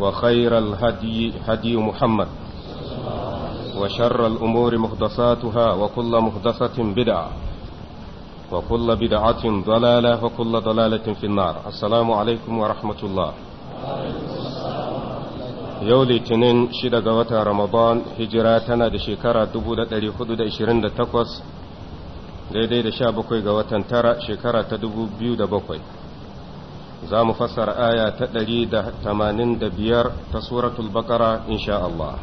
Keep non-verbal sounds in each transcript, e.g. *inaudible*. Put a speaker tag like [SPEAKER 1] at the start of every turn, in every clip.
[SPEAKER 1] وخير الهدي هدي محمد وشر الأمور محدثاتها وكل محدثة بدعة وكل بدعة ضلالة وكل ضلالة في النار السلام عليكم ورحمة الله yau litinin shida ga watan ramadan hijira tana da shekara 428 daidai da 17 ga watan tara shekara ta 2007 za mu fassara aya ta 185 ta suratul baqara insha Allah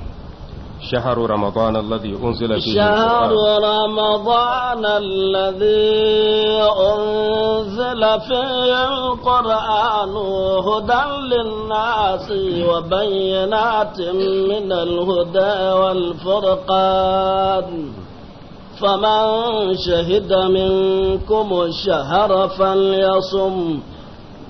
[SPEAKER 1] شهر رمضان الذي أنزل فيه شهر
[SPEAKER 2] رمضان الذي أنزل فيه القرآن هدى للناس وبينات من الهدى والفرقان فمن شهد منكم الشهر فليصم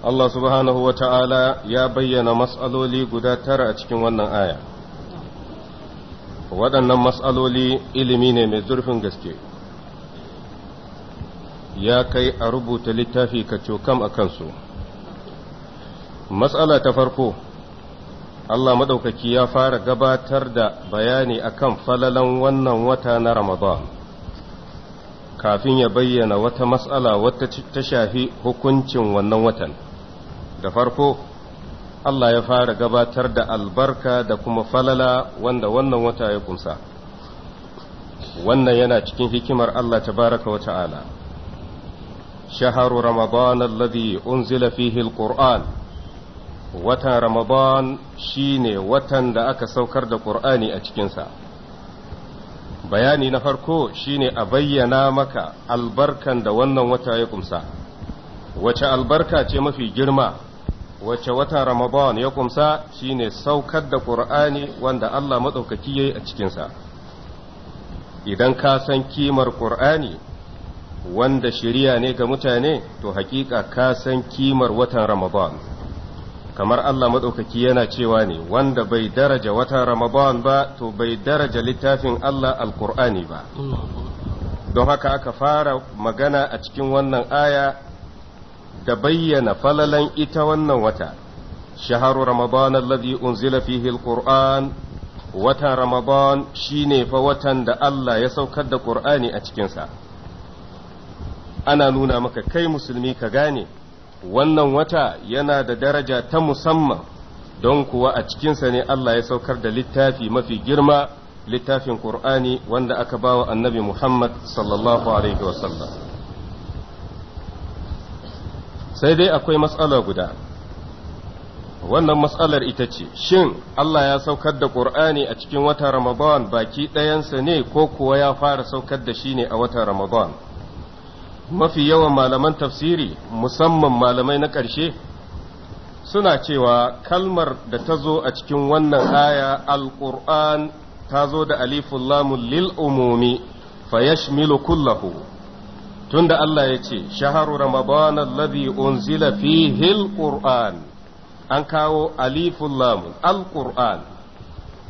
[SPEAKER 1] Allah subhanahu wa ta'ala ya bayyana matsaloli guda tara a cikin wannan aya. Waɗannan matsaloli ilimi ne mai zurfin gaske, ya kai a rubuta littafi ka cokam a kansu. Matsala ta farko, Allah maɗaukaki ya fara gabatar da bayani akan falalan wannan wata na Ramadan. kafin ya bayyana wata matsala wata ta shafi hukuncin wannan watan da farko Allah ya fara gabatar da albarka da kuma falala wanda wannan wata ya kunsa wannan yana cikin hikimar Allah tabaraka wa ta'ala shaharu ramadan alladhi unzila fihi alquran watan ramadan shine watan da aka saukar da qur'ani a cikinsa bayani na farko shine a bayyana maka albarkan da wannan wata ya kumsa wace albarka ce mafi girma wace wata ramadan ya kumsa shine saukar da qur'ani wanda Allah madaukaki yayi a cikinsa idan ka san kimar qur'ani wanda shiriya ne ga mutane to hakika ka san kimar watan ramadan kamar Allah maɗaukaki yana cewa ne wanda bai daraja wata Ramadan ba to bai daraja littafin Allah alkur'ani ba don haka aka fara magana a cikin wannan aya da bayyana falalan ita wannan wata shaharu Ramadan alladhi unzila fihi alquran watan Ramadan shine fa watan da Allah ya saukar da Qur'ani a cikinsa ana nuna maka kai musulmi ka gane wannan wata yana da daraja ta musamman don kuwa a cikinsa ne Allah ya saukar da littafi mafi girma littafin Qur'ani wanda aka bawa annabi Muhammad sallallahu Alaihi wasallam. Sai dai akwai matsala guda, wannan matsalar ita ce, shin Allah ya saukar da ƙur'ani a cikin wata Ramadan baki ɗayansa ne ko kuwa ya fara saukar da shi ne a wata Ramadan? mafi yawan malaman tafsiri musamman malamai na ƙarshe suna cewa kalmar da ta zo a cikin wannan aya alƙur'an ta zo da alifun Lamu lil umumi fayashmilu kullahu tunda Allah ya ce shaharu ramadan alladhi unzila fihi alquran an kawo alifun lamun alquran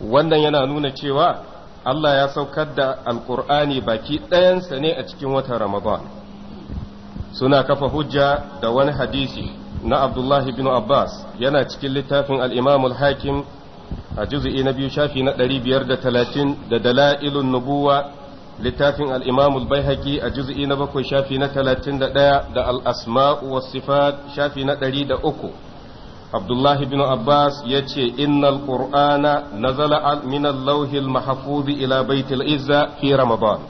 [SPEAKER 1] wannan yana nuna cewa Allah ya saukar da alqur'ani baki ɗayansa ne a cikin watan ramadan suna kafa hujja da wani hadisi na abdullahi bin abbas yana cikin littafin al'imam al-hakim a juzu'i na biyu shafi na 530 da dala'ilun nubuwa littafin al'imam al-baihaki a juzu'i na bakwai shafi na 31 da al'asma'u wa sifat shafi na 103 abdullahi bin abbas ya ce innal qur'ana nazala min al-lauhil mahfuz ila baitil izza fi ramadan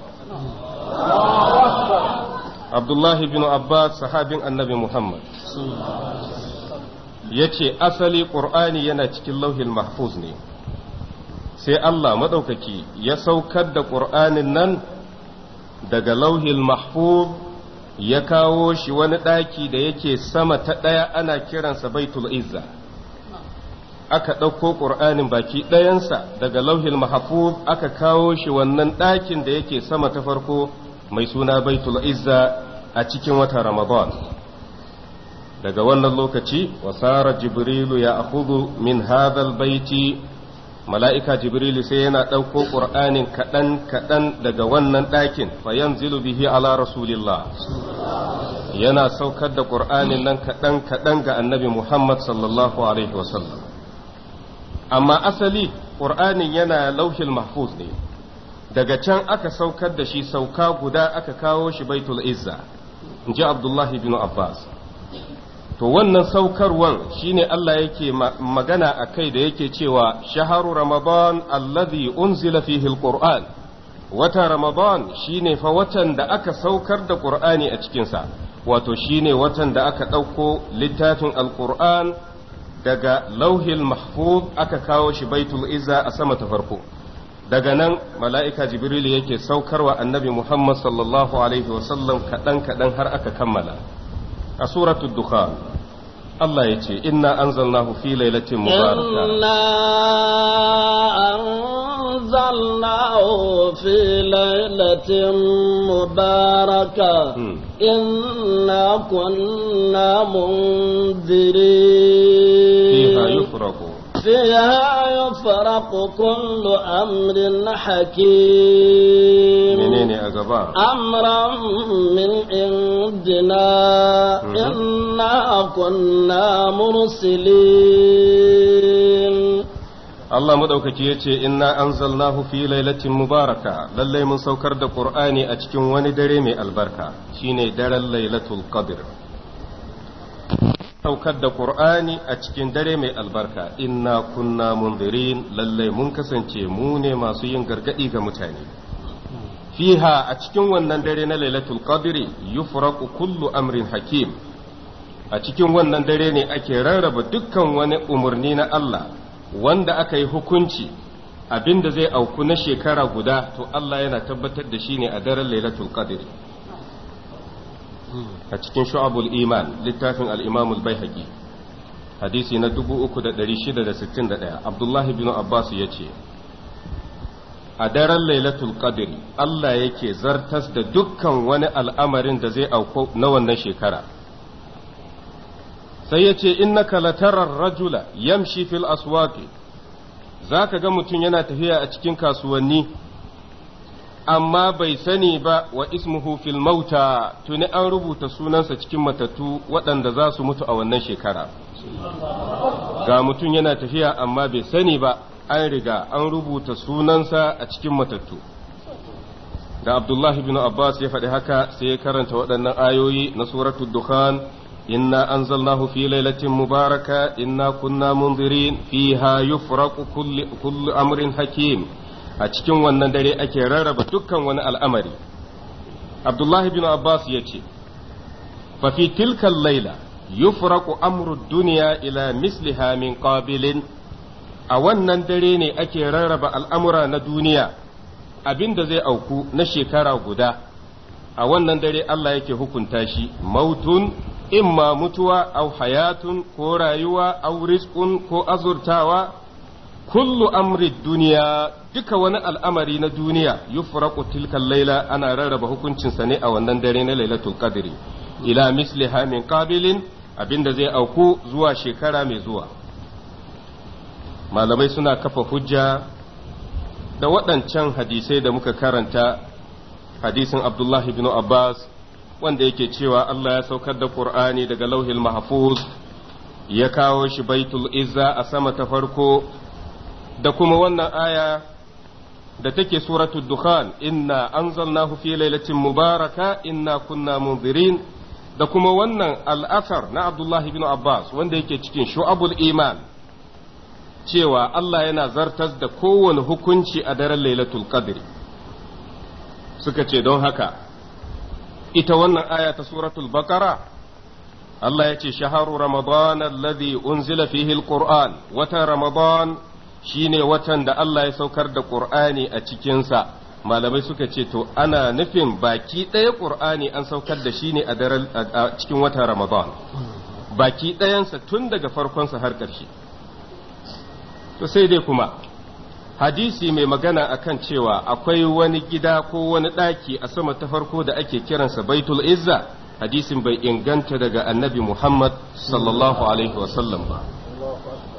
[SPEAKER 1] abdullahi bin abbas sahabin annabi muhammad ya ce asali ƙur'ani yana cikin lauhin mahfuz ne sai allah maɗaukaki ya saukar da ƙur'anin nan daga lauhin mahfuz ya kawo shi wani ɗaki da yake sama ta ɗaya ana kiransa baitul izza aka ɗauko ƙur'anin baki ɗayansa daga lauhin mahfuz aka kawo shi wannan ɗakin da yake sama ta farko mai suna baitul izza a cikin watan ramadan daga wannan lokaci wasara jibrilu ya akhudhu min hadhal baiti mala'ika jibrilu sai yana ɗauko ƙur'anin kaɗan-kaɗan daga wannan ɗakin fayan zilu bihi ala rasulillah yana saukar da ƙur'anin nan kaɗan-kaɗan ga annabi muhammad sallallahu alaihi wasallam amma asali ƙur'anin yana lauhin mahfuz ne daga can aka saukar da shi sauka guda aka kawo shi baitul izza in ji abdullahi bin abbas to wannan saukarwan shine Allah yake magana a kai da yake cewa shaharu ramadan alladhi unzila fihi alquran wata ramadan shine fa watan da aka saukar da qur'ani a cikinsa wato shine watan da aka ɗauko littafin alquran daga lauhil mahfuz aka kawo shi baitul izza a sama ta farko daga nan mala'ika jibrilu yake saukarwa annabi muhammad sallallahu alaihi wasallam kaɗan kaɗan har aka kammala a suratu duka. Allah ya ce inna anzalnahu fi lailatin mubaraka
[SPEAKER 2] inna anzalnahu fi lailatin mubaraka hmm. inna kunna munzirin fiha yufraku فيها يفرق كل أمر حكيم أمرا من عندنا إنا كنا
[SPEAKER 1] مرسلين Allah maɗaukaki ya ce, Inna an zallahu fi lailatin mubaraka, lallai mun saukar da ƙur'ani a cikin wani dare mai albarka, shine daren lailatul qadr. saukar da Ƙur'ani a cikin dare mai albarka inna kunna munzirin lallai mun kasance mu ne masu yin gargaɗi ga mutane fiha a cikin wannan dare na lailatul qadri yufraqu kullu amrin hakim a cikin wannan dare ne ake rarraba dukkan wani umarni na Allah wanda aka yi hukunci abinda zai auku na shekara guda to Allah yana tabbatar da shi ne a daren lailatul qadri a cikin shu'abul iman littafin al-imam al-baihaqi hadisi na 3661 abdullahi bin abbas ya ce. a daren lailatul qadr Allah yake zartas da dukkan wani al'amarin da zai auko na wannan shekara sai ya yace innaka latarar rajula yamshi fil aswaqi zaka ga mutum yana tafiya a cikin kasuwanni amma bai sani ba wa ismuhu fil mauta tuni an rubuta sunansa cikin matattu waɗanda za su mutu a wannan shekara ga mutum yana tafiya amma bai sani ba an riga an rubuta sunansa a cikin matattu da abdullahi bin abbas ya faɗi haka sai ya karanta waɗannan ayoyi na suratul dukhan inna anzalnahu fi lailatin mubaraka inna kunna munzirin fiha yufraqu kullu amrin hakim a cikin wannan dare ake rarraba dukkan wani al'amari abdullahi bin abbas ya ce fafi tilkan laila yufraqu amru duniya ila misliha min qabilin a wannan dare ne ake rarraba al'amura na duniya abin da zai auku na shekara guda a wannan dare Allah yake hukunta shi mautun imma mutuwa au hayatun ko rayuwa au rizqun ko azurtawa kullu amri duniya duka wani al'amari na duniya yufraqu tilkal laila ana rarraba hukuncinsa ne a wannan dare na lailatul qadri ila misliha min qabilin abinda zai auku zuwa shekara mai zuwa malamai suna kafa hujja da waɗancan hadisai da muka karanta hadisin abdullah ibn abbas wanda yake cewa allah ya saukar da qur'ani daga lauhil mahfuz ya kawo shi baitul izza a sama ta farko da kuma wannan aya da take suratul dukhan inna anzalnahu fi lailacin mubaraka inna kunna munzirin da kuma wannan al'asar na Abdullah ibn Abbas wanda yake cikin shu'abul iman cewa Allah yana zartas da kowane hukunci a daren lailatul qadr suka ce don haka ita wannan aya ta suratul baqara Allah ya ce shaharu ramadan alladhi unzila fihi alquran wata ramadan Shi ne watan da Allah ya saukar da ƙur'ani a cikinsa malamai suka ce to ana nufin baki ɗaya ƙur'ani an saukar da shi ne a cikin watan Ramadan baki ɗayansa tun daga farkonsa har ƙarshe to sai dai kuma hadisi mai magana akan cewa akwai wani gida ko wani ɗaki a sama ta farko da ake kiransa Baitul Izza hadisin bai inganta daga Annabi Muhammad sallallahu alaihi wasallam ba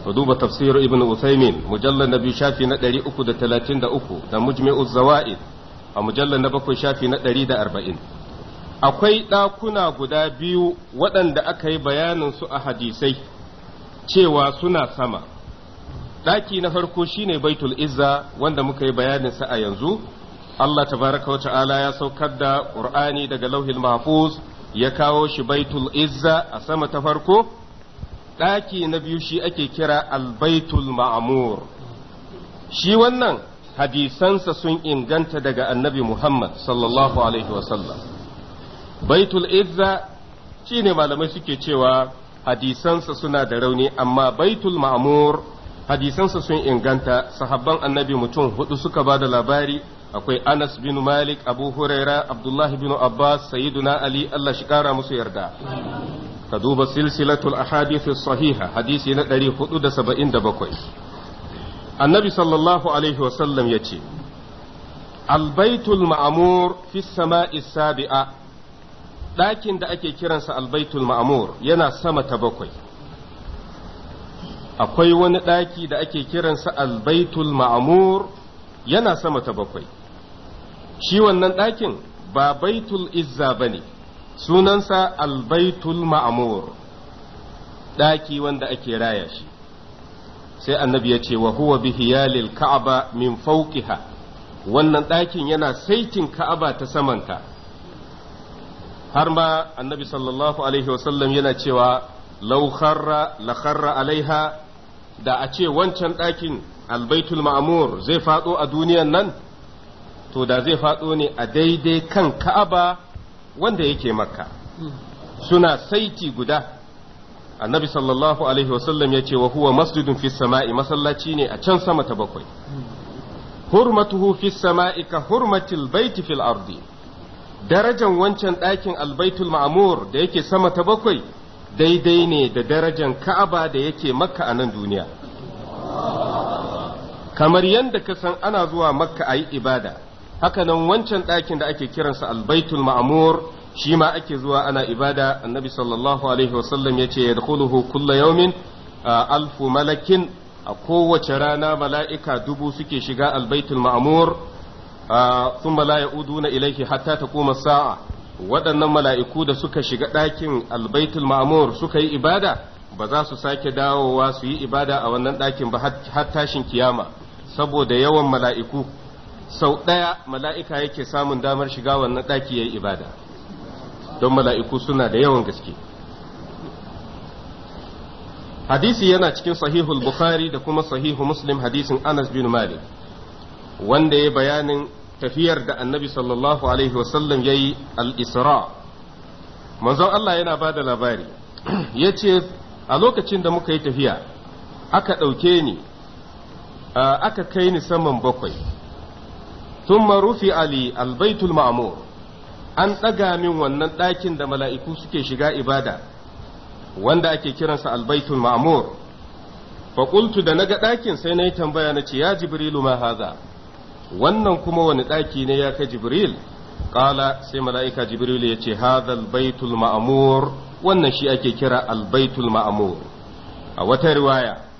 [SPEAKER 1] ka duba tafsir ibn usaimin mujallar na biyu shafi na 333 da mujmi'uz zawa'id a mujallar na bakwai shafi na arba'in. akwai ɗakuna guda biyu waɗanda aka yi bayanin su a hadisai cewa suna sama ɗaki na farko shine baitul izza wanda muka yi bayanin sa a yanzu Allah tabaraka wa ta'ala ya saukar da Qur'ani daga lauhin mahfuz ya kawo shi baitul izza a sama ta farko ɗaki na biyu shi ake kira albaitul ma'amur shi wannan hadisansa sun inganta daga annabi Muhammad sallallahu alaihi wasallam baitul izza shi ne malamai suke cewa hadisansa suna da rauni amma baitul ma'amur hadisansa sun inganta sahabban annabi mutum hudu suka ba da labari akwai anas bin malik abu huraira abdullahi bin abbas sayyiduna ali allah shi kara musu yarda ka duba silsilatul ahadithu sahiha hadisi na 477 annabi sallallahu alaihi wasallam ya ce albaitul ma'amur fi sama'i sabi'a ɗakin da ake kiransa albaitul ma'amur yana sama ta bakwai akwai wani ɗaki da ake kiransa albaitul ma'amur yana sama ta bakwai shi wannan ɗakin ba baitul izza ba ne sunansa albaitul ma'amur ɗaki wanda ake raya shi sai annabi ya ce wa huwa bihiyalil ka'aba min fawqiha wannan ɗakin yana saitin ka'aba ta samanta har ma annabi sallallahu alaihi wasallam yana cewa law kharra la kharra alaiha da a ce wancan ɗakin albaitul ma'amur zai faɗo a duniyan nan to da zai faɗo ne a daidai kan ka'aba wanda yake makka suna saiti guda annabi sallallahu alaihi wasallam ya ce wa huwa masjidun fi sama'i masallaci ne a can sama ta bakwai hurmatuhu fi sama'i ka hurmatil baiti fil ardi darajan wancan ɗakin albaitul ma'amur da yake sama ta bakwai daidai ne da darajan ka'aba da yake makka a nan duniya kamar yadda ka san ana zuwa makka ayi ibada haka nan wancan ɗakin da ake kiransa albaitul ma'amur shi ma ake zuwa ana ibada annabi sallallahu alaihi wasallam ya ce yadkhuluhu kulla yawmin alfu malakin a kowace rana mala'ika dubu suke shiga albaitul ma'amur thumma la ya'uduna ilaihi hatta koma sa'a waɗannan mala'iku da suka shiga ɗakin albaitul ma'amur suka yi ibada ba za su sake dawowa su yi ibada a wannan ɗakin ba har tashin kiyama saboda yawan mala'iku sau ɗaya mala'ika yake samun damar shiga wannan ɗaki ya yi ibada don mala'iku suna da yawan gaske hadisi yana cikin sahihul bukhari da kuma sahihu muslim hadisin anas bin malik wanda ya bayanin tafiyar da annabi sallallahu alaihi wasallam ya yi al'isra manzon Allah yana ba da labari ya ce a lokacin da muka yi tafiya aka ɗauke ni aka kai ni saman bakwai thumma rufi ali albaitul ma'mur an ɗaga min wannan ɗakin da mala'iku suke shiga ibada wanda ake kiransa albaitul ma'mur faƙultu da naga ɗakin sai na yi tambaya na ce ya jibrilu ma haza wannan kuma wani ɗaki ne ya ka jibril ƙala sai mala'ika jibrilu ya ce haza albaitul ma'mur wannan shi ake kira albaitul ma'mur a wata riwaya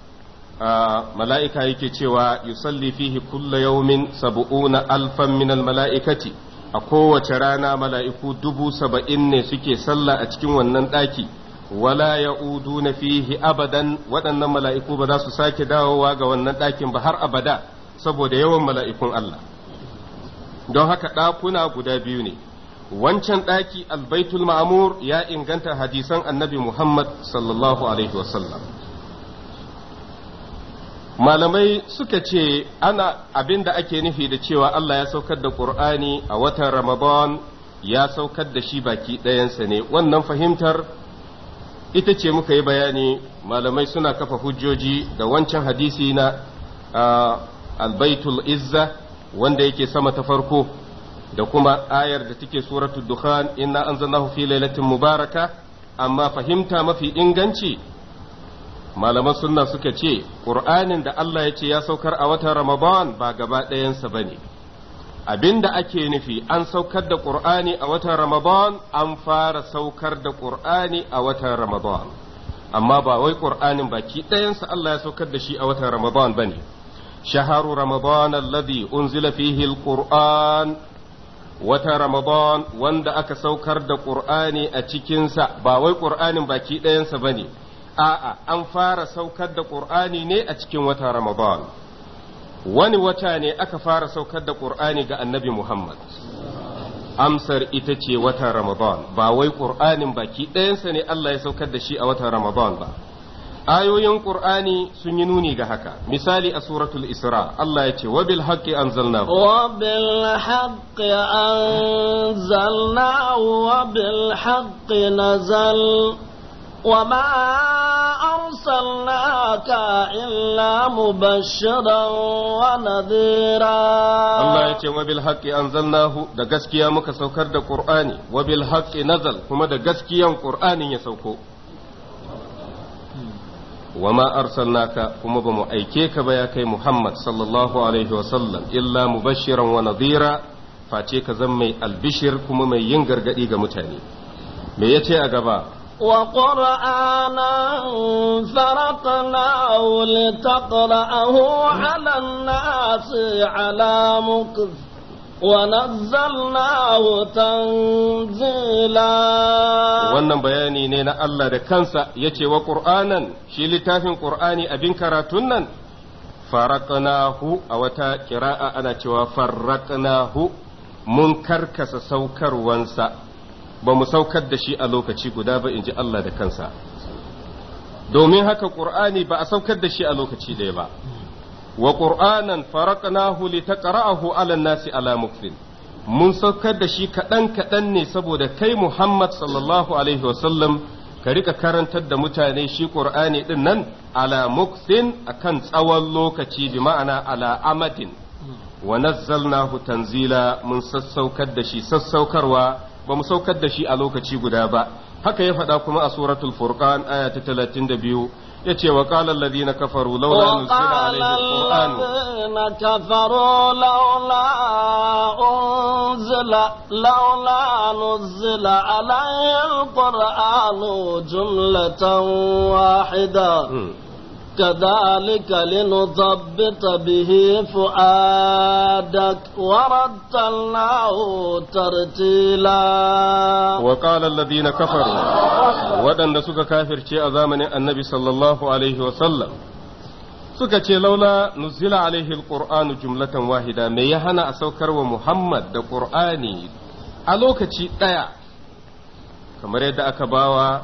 [SPEAKER 1] mala'ika yake cewa yusalli fihi kulla yaumin sab'una alfan min mala'ikati a kowace rana mala'iku dubu saba'in ne suke sallah a cikin wannan ɗaki wala ya'udu na fihi abadan waɗannan mala'iku ba za su sake dawowa ga wannan ɗakin ba har abada saboda yawan mala'ikun Allah don haka ɗakuna guda biyu ne wancan ɗaki albaitul ma'amur ya inganta hadisan annabi Muhammad sallallahu alaihi wasallam malamai suka ce ana abin da ake nufi da cewa Allah ya saukar da Ƙur'ani a watan Ramadan ya saukar da shi baki ɗayansa ne wannan fahimtar ita ce muka yi bayani malamai suna kafa hujjoji da wancan hadisi na albaitul izza wanda yake sama ta farko da kuma ayar da take suratul dukhan inna anzalnahu fi lailatin mubaraka amma fahimta mafi inganci malaman sunna suka ce ƙur'anin da Allah ya ce ya saukar a watan ramadan ba gaba ɗayansa ba ne abin da ake nufi an saukar da ƙur'ani a watan ramadan an fara saukar da ƙur'ani a watan ramadan amma ba wai ƙur'anin baki ɗayansa Allah ya saukar da shi a watan ramadan ba ne shaharu ramadan alladhi unzila fihi alquran wata Ramadan wanda aka saukar da Ƙur'ani a cikinsa ba wai Ƙur'anin baki ɗayansa ba ne, a'a an fara saukar da ƙur'ani ne a cikin watan ramadan wani wata ne aka fara saukar da ƙur'ani ga annabi muhammad amsar ita ce watan ramadan ba wai ƙur'anin baki ɗayansa ne allah ya saukar da shi a watan ramadan ba ayoyin ƙur'ani sun yi nuni ga haka misali a suratul isra Allah ya ce wa bil haqqi anzalnahu wa
[SPEAKER 2] bil haqqi anzalnahu wa bil haqqi nazal وما أرسلناك إلا مبشرا ونذيرا الله
[SPEAKER 1] يتي وبالحق أنزلناه دا قسكيا مكسوكر دا قرآني وبالحق نزل كما دا قسكيا قرآني يسوكو وما أرسلناك كما بمو أيكيك بياكي محمد صلى الله عليه وسلم إلا مبشرا ونذيرا فاتيك زمي البشر كما من ينقر قديق متاني me ya ce a gaba
[SPEAKER 2] وقرآنا فرقناه لتقرأه على الناس على مكث ونزلناه تنزيلا
[SPEAKER 1] wannan bayani ne na Allah da kansa ya wa Qur'anan shi littafin ƙur'ani. abin karatun nan faraqnahu a wata kira'a ana cewa farraqnahu mun karkasa saukarwansa ba mu saukar da shi a lokaci guda ba in ji Allah da kansa domin haka ƙur'ani ba a saukar da shi a lokaci ɗaya ba wa ƙur'anan faraqnahu litaqra'ahu 'ala an-nasi 'ala mukfin mun saukar da shi kaɗan kaɗan ne saboda kai Muhammad sallallahu alaihi wasallam ka rika karantar da mutane shi ƙur'ani ɗin nan ala muksin akan tsawon lokaci bi ma'ana ala amadin wa nazzalnahu tanzila mun sassaukar da shi sassaukarwa ba mu saukar da shi a lokaci guda ba haka ya faɗa kuma a suratul furqan aya ta 32 yace wa qala alladhina kafaru laula nuzila alayhi alquran
[SPEAKER 2] kafaru laula nuzila alayhi alquran jumlatan wahida كذلك لنثبت به فؤادك ورتلناه ترتيلا
[SPEAKER 1] وقال الذين كفروا ودن سك كافر شيء زمن النبي صلى الله عليه وسلم suka ce laula nuzila alaihi alqur'anu jumlatan wahida mai ya hana a saukar wa Muhammad da ƙur'ani a lokaci ɗaya, kamar yadda aka bawa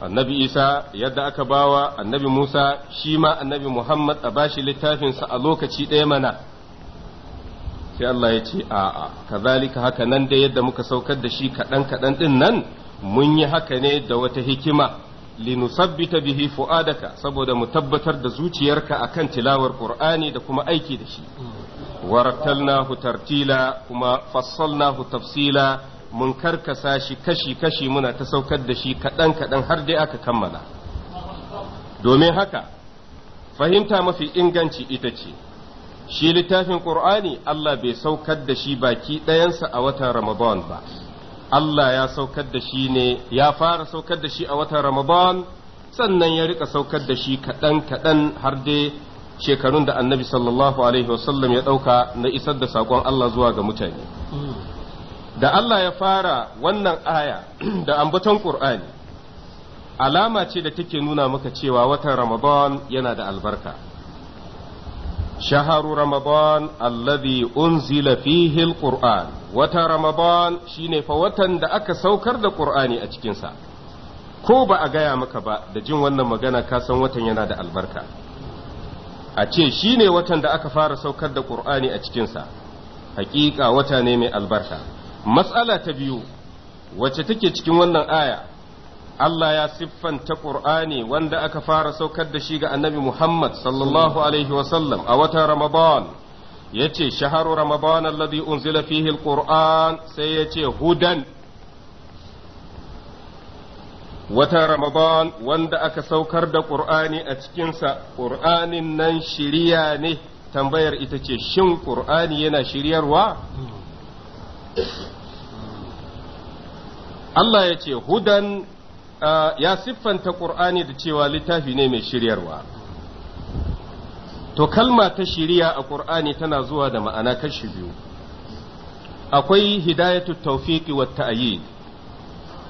[SPEAKER 1] annabi isa yadda aka bawa annabi musa shi ma annabi muhammad a bashi littafinsa a lokaci ɗaya mana sai allah ya ce a'a kazalika haka nan da yadda muka saukar da shi kaɗan kaɗan ɗin nan mun yi haka ne da wata hikima linusabbita bihi fu'adaka saboda mu tabbatar da zuciyarka akan tilawar qur'ani da kuma aiki da shi nahu tartila kuma fassalnahu tafsila mun karkasa shi kashi-kashi muna ta saukar da shi kaɗan-kaɗan har dai aka kammala domin haka fahimta mafi inganci ita ce shi littafin ƙur'ani Allah bai saukar da shi baki ɗayansa a watan ramadan ba Allah ya saukar da shi ne ya fara saukar da shi a watan ramadan sannan ya rika saukar da shi kaɗan-kaɗan har dai shekarun da annabi sallallahu alaihi wasallam ya ɗauka na isar da saƙon Allah zuwa ga mutane hmm. da Allah ya fara wannan aya *clears throat* da ambaton Qur'ani alama ce da take nuna maka cewa watan Ramadan yana da albarka shaharu Ramadan alladhi unzila fihi qur'an watan Ramadan shine fa watan da aka saukar da Qur'ani a cikinsa ko ba a gaya maka ba da jin wannan magana ka san watan yana da albarka a ce shine watan da aka fara saukar da Qur'ani a cikinsa hakika wata ne mai albarka matsala ta biyu wacce take cikin wannan aya Allah ya siffanta Ƙur'ani wanda aka fara saukar da shi ga annabi Muhammad sallallahu Alaihi wasallam a watan Ramadan ya ce, Shaharu Ramadan alladhi unzila fihi al sai ya ce, Hudan. Watan Ramadan wanda aka saukar da Ƙur'ani a cikinsa, Ƙur'anin nan shirya ne, tambayar ita ce, Shin Ƙur'ani yana shiryarwa? Allah ya ce hudan ya siffanta ƙur'ani da cewa littafi ne mai shiryarwa to kalma ta shirya a ƙur'ani tana zuwa da ma'ana kashi biyu akwai hidayatu tawfiqi wa ta'yid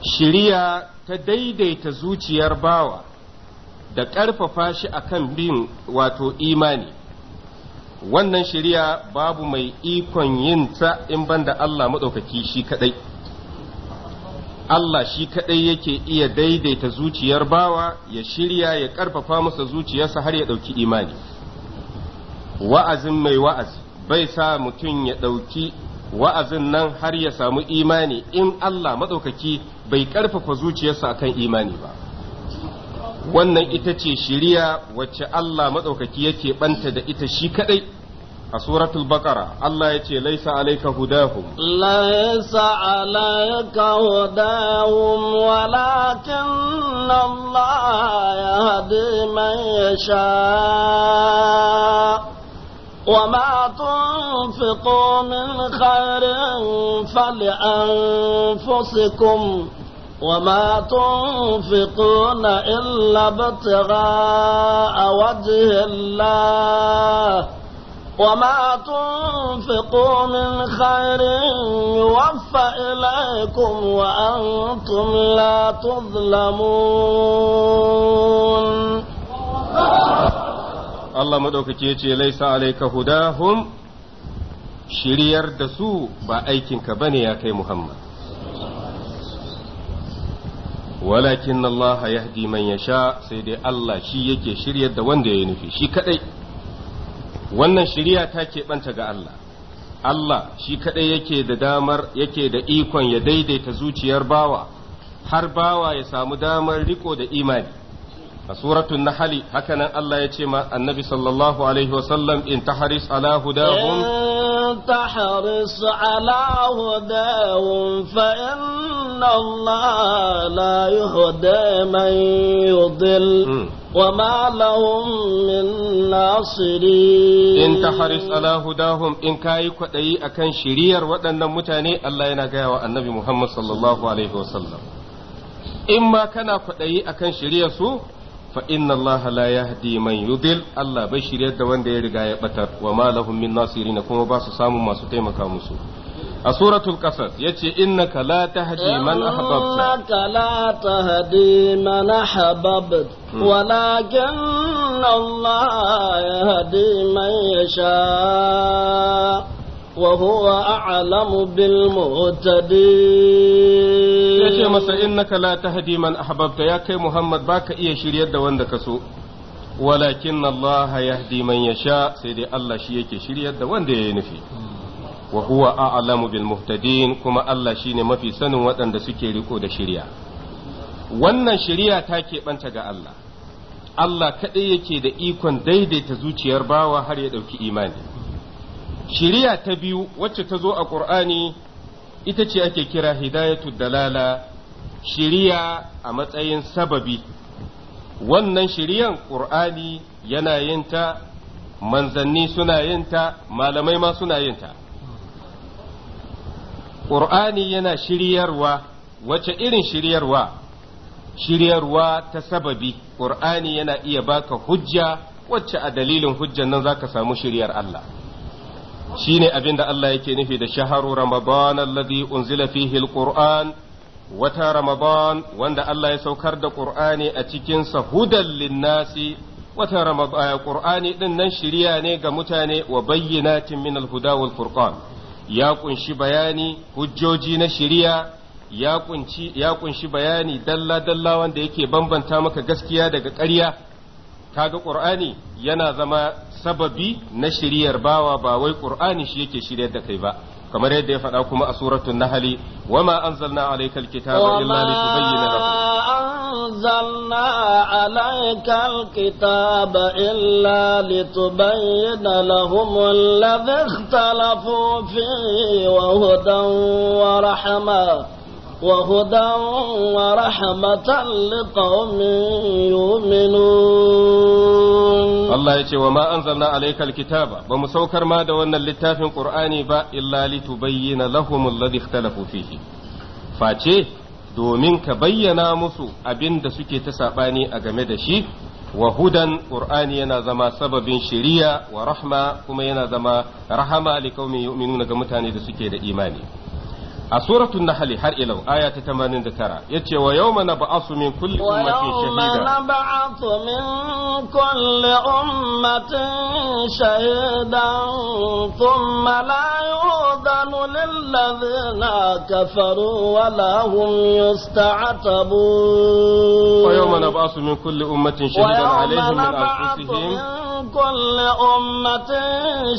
[SPEAKER 1] shirya ta daidaita zuciyar bawa da ƙarfafa shi akan bin wato imani wannan shirya babu mai ikon yin ta in banda Allah maɗaukaki shi kaɗai Allah shi kaɗai yake iya daidaita zuciyar bawa ya shirya ya ƙarfafa masa zuciyarsa har ya ɗauki imani wa'azin mai wa'az bai sa mutum ya ɗauki wa'azin nan har ya samu imani in Allah maɗaukaki bai ƙarfafa zuciyarsa akan imani ba wannan ita ce shiriya wacce Allah maɗaukaki yake ɓanta da ita shi kaɗai سورة البقرة الله يتي ليس عليك هداهم
[SPEAKER 2] ليس عليك هداهم ولكن الله يهدي من يشاء وما تنفقوا من خير فلأنفسكم وما تنفقون إلا ابتغاء وجه الله وما تنفقوا من خير يوفى إليكم وأنتم
[SPEAKER 1] لا تظلمون Allah maɗaukaki ya ce laisa alaika hudahum shiryar da su ba aikinka ba ne ya kai Muhammad. Walakin Allah yahdi man yasha sai dai Allah shi yake shiryar da wanda ya nufi shi kaɗai. wannan shari'a ta keɓanta ga Allah Allah shi kaɗai yake da damar yake da ikon ya daidaita zuciyar bawa har bawa ya samu damar riko da imani a suratun nahali hakanan Allah ya ce ma annabi sallallahu alaihi wasallam in taharis ala hudahum
[SPEAKER 2] taharis ala hudahum fa inna Allah la yuhdi man yudil hmm. وما لهم من ناصرين إن تحرص
[SPEAKER 1] على هداهم إن كاي كدي أكن شرير ودن متاني الله ينقى النبي محمد صلى الله عليه وسلم إما كان كدي أكن شرير سو فإن الله لا يهدي من يضل الله بشرير دوان دي رقاية بتر وما لهم من ناصرين كما باس سامو ما ستيمكا مسو a suratul qasas yace innaka la tahdi man ahbabta
[SPEAKER 3] innaka
[SPEAKER 2] la tahdi man ahbabta hmm. walakin Allah yahdi man yasha wa huwa a'lamu bil Ya ce masa
[SPEAKER 1] innaka la tahdi man ahbabta ya kai Muhammad baka iya shiryar da wanda ka so walakin Allah yahdi man yasha sai dai Allah shi yake shiryar da wanda ya nufi hmm. wa huwa a'lamu bil muhtadin kuma Allah shine mafi sanin waɗanda suke riko da shari'a wannan shari'a ta ke keɓanta ga Allah Allah kaɗai yake da ikon daidaita zuciyar bawa har ya ɗauki imani Shiriya ta biyu wacce ta zo a ƙur'ani ita ce ake kira hidayatu dalala shari'a a matsayin sababi wannan shari'an ƙur'ani yana yinta manzanni suna yinta malamai ma suna yinta ƙur'ani yana shiryarwa wace irin shiryarwa shiryarwa ta sababi ƙur'ani yana iya baka hujja wacce a dalilin hujjan nan zaka samu shiryar Allah shine abin da Allah yake nufi da shaharu ramadan alladhi unzila fihi alquran wata ramadan wanda Allah ya saukar da Qur'ani a cikin sa hudan linnasi wata ramadan ƙur'ani din nan shiriya ne ga mutane wa bayyinatin min alhuda wal furqan ya kunshi bayani hujjoji na shiriya ya kunshi bayani dalla-dalla wanda yake bambanta maka gaskiya daga ƙarya kaga ƙur'ani yana zama sababi na shiriyar bawa ba wai ƙur'ani shi yake shiryar da kai ba kamar yadda ya faɗa kuma a suratul an zanna
[SPEAKER 2] anzalna alayka alkitaba illa litubayyana lahum anzalna alayka alkitaba illa litubayyana lahum alladhi ikhtalafu fihi wa hudan wa rahmah وهدى ورحمة لقوم يؤمنون
[SPEAKER 1] الله يتي وما أنزلنا عليك الكتاب ومسوكر ما دون اللتاف قرآني با إلا لتبين لهم الذي اختلفوا فيه فاتي domin ka bayyana musu abin da suke ta saɓani a game da shi wahudan hudan ƙur'ani yana zama sababin shiriya wa rahma kuma yana zama rahama li yu'minuna ga mutane da suke da imani a suratul nahli har ilau aya ta 89 yace wa yawma nab'asu min kulli ummatin shahida
[SPEAKER 2] wa yawma nab'asu min kulli ummatin shahidan
[SPEAKER 3] thumma la
[SPEAKER 2] yu'danu lil ladhina kafaru wa la hum yusta'tabun wa yawma nab'asu
[SPEAKER 1] min kulli ummatin shahida alayhim min anfusihim
[SPEAKER 3] كل أمة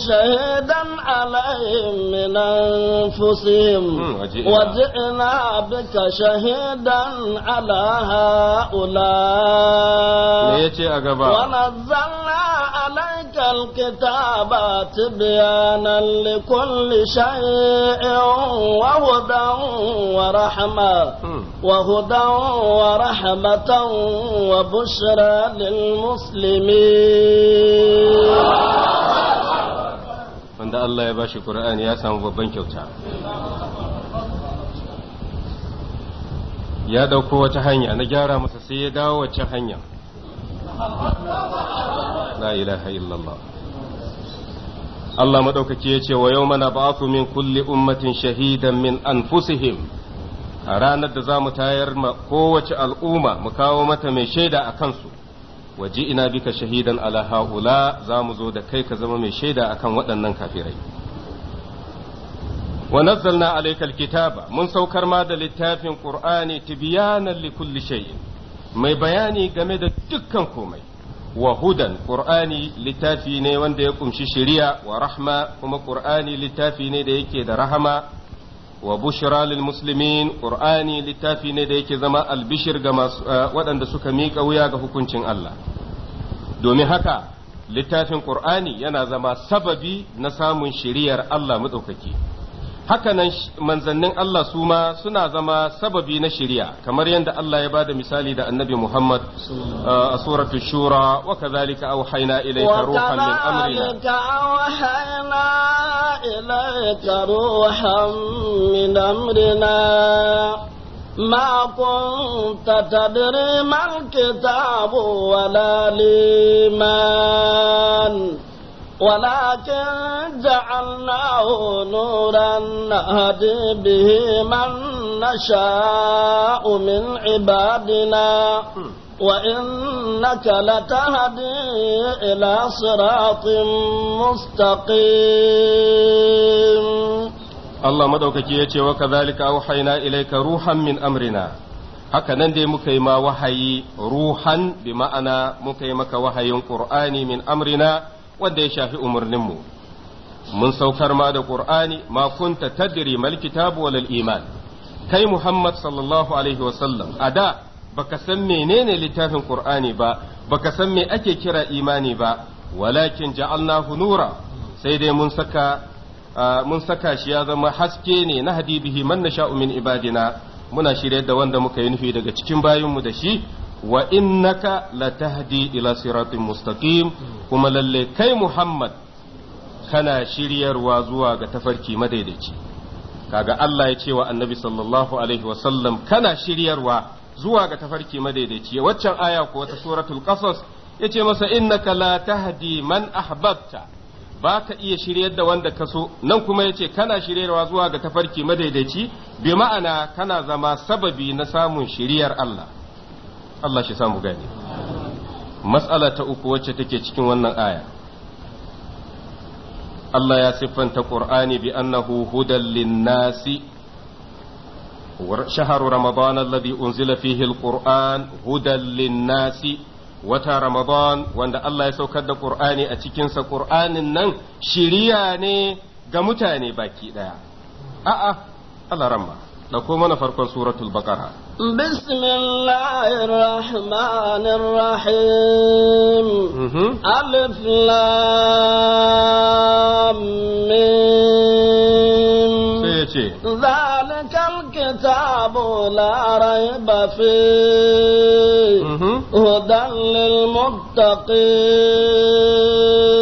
[SPEAKER 2] شهيدا عليهم من أنفسهم وجئنا بك شهيدا على هؤلاء ونزلنا عليك الكتاب تبيانا لكل شيء وهدى ورحمة وهدى ورحمة وبشرى للمسلمين
[SPEAKER 1] wanda Allah ya bashi Qur'ani ya samu babban kyauta ya ɗauko wata hanya na gyara masa sai ya dawo wacce hanya la ilaha illallah Allah maɗaukaki ya ce wa yau mana ba min kulli ummatin shahidan min anfusihim a ranar da za mu tayar ma kowace al'umma mu kawo mata mai shaida a kansu waje ina bika shahidan ala ha'ula za mu zo da kai ka zama mai shaida akan waɗannan kafirai wa nazzalna alayka alkitaba mun saukar ma da littafin qur'ani tibyanan likulli shay'in mai bayani game da dukkan komai wa hudan qur'ani littafi ne wanda ya kumshi shiriya wa rahma kuma qur'ani littafi ne da yake da rahama wa bushra lil muslimin qur'ani littafi ne da yake zama albishir ga eh, waɗanda suka miƙa wuya ga hukuncin Allah domin haka littafin qur'ani yana zama sababi na samun shiriyar Allah madaukaki hakanan manzannin Allah su ma suna zama sababi na shari'a kamar yadda Allah ya bada misali da annabi Muhammad uh, a suratu shura wa kadhalika auhayna ilayka ruhan min amrina
[SPEAKER 2] auhayna ilayka ruhan min amrina ما كنت تدري ما الكتاب ولا الإيمان ولكن جعلناه نورا نهدي به من نشاء من عبادنا وإنك لتهدي إلى صراط
[SPEAKER 1] مستقيم الله مدوكك يتي وكذلك أوحينا إليك روحا من أمرنا haka nan dai muka yi ma wahayi ruhan bi ma'ana muka yi maka wahayin qur'ani min amrina wanda ya shafi umarninmu mun saukar ma da qur'ani ma kunta tadri mal kitabu wal iman kai muhammad sallallahu alaihi wasallam a da baka san menene littafin qur'ani ba baka san me ake kira imani ba walakin ja'alnahu nura sai dai mun saka mun saka shi ya zama haske ne na hadibihi man nasha'u min ibadina muna shirye da wanda muka yi nufi daga cikin bayinmu da shi wa innaka latahdi ila siratin mustaqim kuma lalle kai Muhammad kana shiryarwa zuwa ga tafarki madaidaici kaga Allah ya ce wa annabi sallallahu alaihi wasallam kana shiryarwa zuwa ga tafarki madaidaici waccan aya ko wata suratul qasas yace masa innaka la tahdi man ahbabta ba ka iya shiryar da wanda ka so nan kuma yace kana shiryarwa zuwa ga tafarki madaidaici bi ma'ana kana zama sababi na samun shiryar Allah Allah shi samu gani matsala ta uku wacce take cikin wannan aya Allah ya siffanta Qur'ani bi annahu hudan linnasi شهر رمضان الذي أنزل فيه القرآن هدى للناس wata Ramadan wanda Allah ya saukar da Ƙur'ani a cikinsa Ƙur'anin nan shiriya ne ga mutane baki ɗaya. A'a, Allah ramma. dauko mana farkon suratul baqara
[SPEAKER 2] bismillahir rahmanir rahim alif lam mim sai ce zalikal kitabu la rayba fi hudan lil muttaqin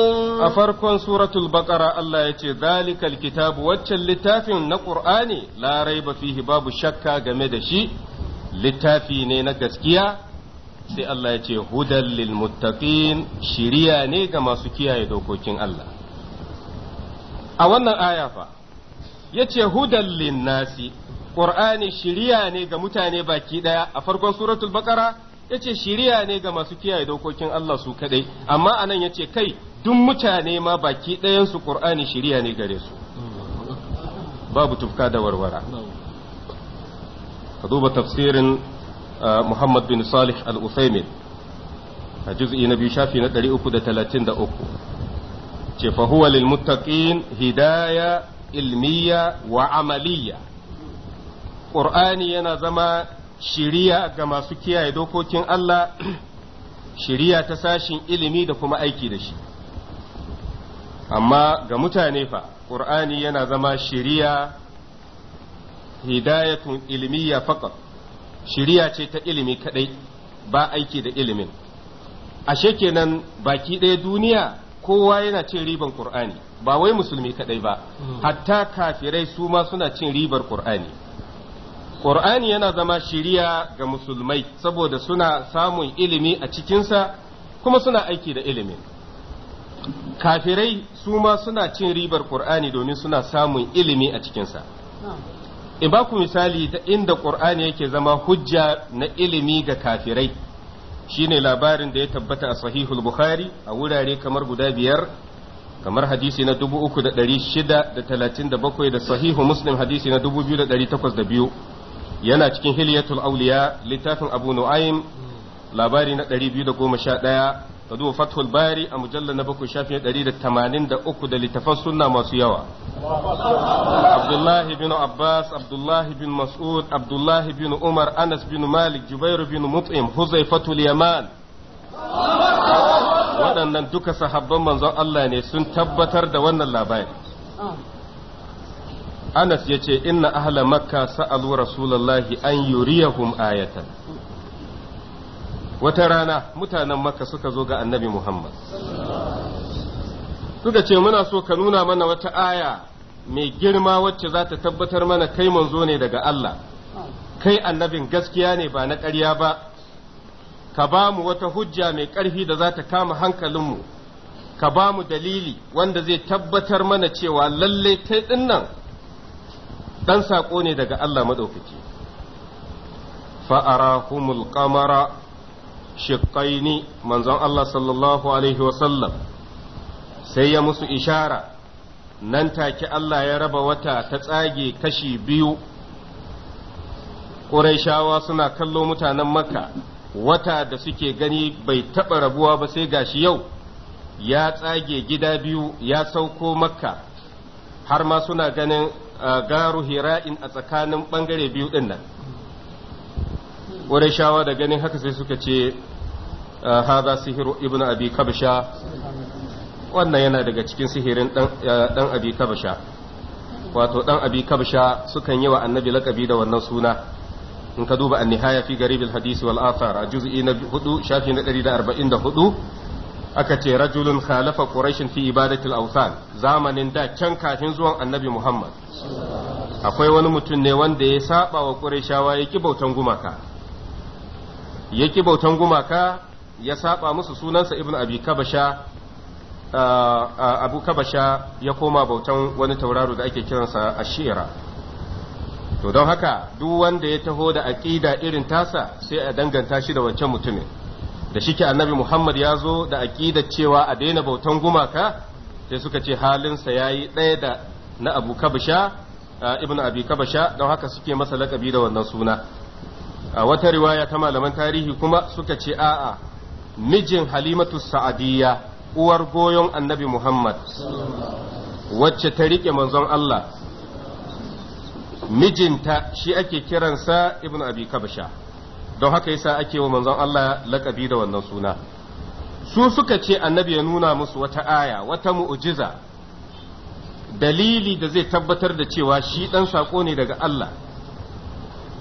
[SPEAKER 1] a farkon suratul baqara Allah ya ce zalikal kitabu waccan littafin na ƙur'ani larai raiba fihi babu shakka game da shi littafi ne na gaskiya sai Allah ya ce hudan lil muttaqin shiriya ne ga masu kiyaye dokokin Allah a wannan aya fa yace hudan lin nasi qur'ani shiriya ne ga mutane baki daya a farkon suratul baqara yace shiriya ne ga masu kiyaye dokokin Allah su kaɗai amma anan yace kai duk mutane ma baki ɗayansu ƙur'ani Qur'ani shiriya ne gare su babu tufka da warwara ka duba tafsirin ah, Muhammad bin Salih al usaimin a juz'i na biyu shafi na 333 ce fa huwa lil muttaqin hidaya ilmiya wa amaliya ƙur'ani yana zama shiriya ga masu kiyaye dokokin Allah *clears throat* shiriya ta sashin ilimi da kuma aiki da shi amma ga mutane fa ƙur'ani yana zama shiriya hidayatun ilmiya faqat shiriya ce ta ilimi kadai ba aiki da ilimin ashe kenan baki ɗaya duniya kowa yana cin ribar ƙur'ani ba wai musulmi kadai ba hmm. hatta kafirai su ma suna cin ribar ƙur'ani Ƙur'ani yana zama shiriya ga musulmai saboda suna samun ilimi a cikinsa kuma suna aiki da ilimi Kafirai su ma suna cin ribar Ƙur'ani domin suna samun ilimi a cikinsa. In ba ku misali ta inda Ƙur'ani yake zama hujja na ilimi ga kafirai shine labarin da ya tabbata a sahihul Bukhari a wurare kamar guda biyar kamar hadisi na 3637 da sahihu muslim hadisi na 2802 yana cikin hilyatul auliya littafin abu nu'aym labari na 211 ka fathul bari a mujallar na bakwai na 183 da littafan sunna masu yawa abdullahi bin abbas abdullahi bin mas'ud abdullahi bin umar anas bin malik jubairu bin mut'im huzaifatul yaman waɗannan duka sahabban manzon Allah ne sun tabbatar da wannan labari Anas ya ce inna ahla makka sa'alu rasulallahi an yuriyahum ayatan wata rana mutanen makka suka zo ga annabi Muhammad suka ce muna so ka nuna mana wata aya mai girma wacce za ta tabbatar mana kai manzo ne daga Allah kai annabin gaskiya ne ba na ƙarya ba ka ba mu wata hujja mai ƙarfi da za ta kama hankalinmu ka ba mu dalili wanda zai tabbatar mana cewa lallai kai ɗinnan nan ɗan saƙo ne daga Allah maɗaukaki fa'arahumul qamara shiƙaini manzon Allah sallallahu Alaihi wasallam sai ya musu ishara nan take Allah ya raba wata ta tsage kashi biyu ƙuraishawa suna kallo mutanen Makka wata da suke gani bai taɓa rabuwa ba sai gashi yau ya tsage gida biyu ya sauko makka har ma suna ganin garu hira'in a tsakanin bangare biyu din nan shawa da ganin haka sai suka ce haza sihiru ibnu abi kabsha wannan yana daga cikin sihirin dan abi kabsha wato dan abi kabsha sukan yi wa annabi lakabi da wannan suna in ka duba an nihaya fi garibil hadisi wal athar a juz'i na hudu shafi na 144 aka ce rajulun khalafa quraishin fi ibadatul awthan zamanin da can kafin zuwan annabi muhammad akwai wani mutum ne wanda ya saba wa quraishawa ya ki bautan gumaka ya ki bautan gumaka ya saba musu sunansa ibn abi kabasha abu kabasha ya koma bautan wani tauraro da ake kiransa ashira to don haka duk wanda ya taho da aƙida irin tasa sai a danganta shi da wancan mutumin da shike annabi Muhammad ya zo da aƙidar cewa a daina bautan gumaka sai suka ce halinsa yi ɗaya da na Abu Kabsha ibn Abi Kabasha don haka suke masa laƙabi da wannan suna a wata riwaya ta malaman tarihi kuma suka ce a'a mijin Halimatu Sa'adiyya uwar goyon annabi Muhammad wacce ta riƙe manzon Allah mijinta shi ake kiransa ibn Abi Kabasha. don haka yasa ake wa manzon Allah lakabi da wannan suna su suka ce annabi ya nuna musu wata aya wata mu'jiza dalili da zai tabbatar da cewa shi dan sako ne daga Allah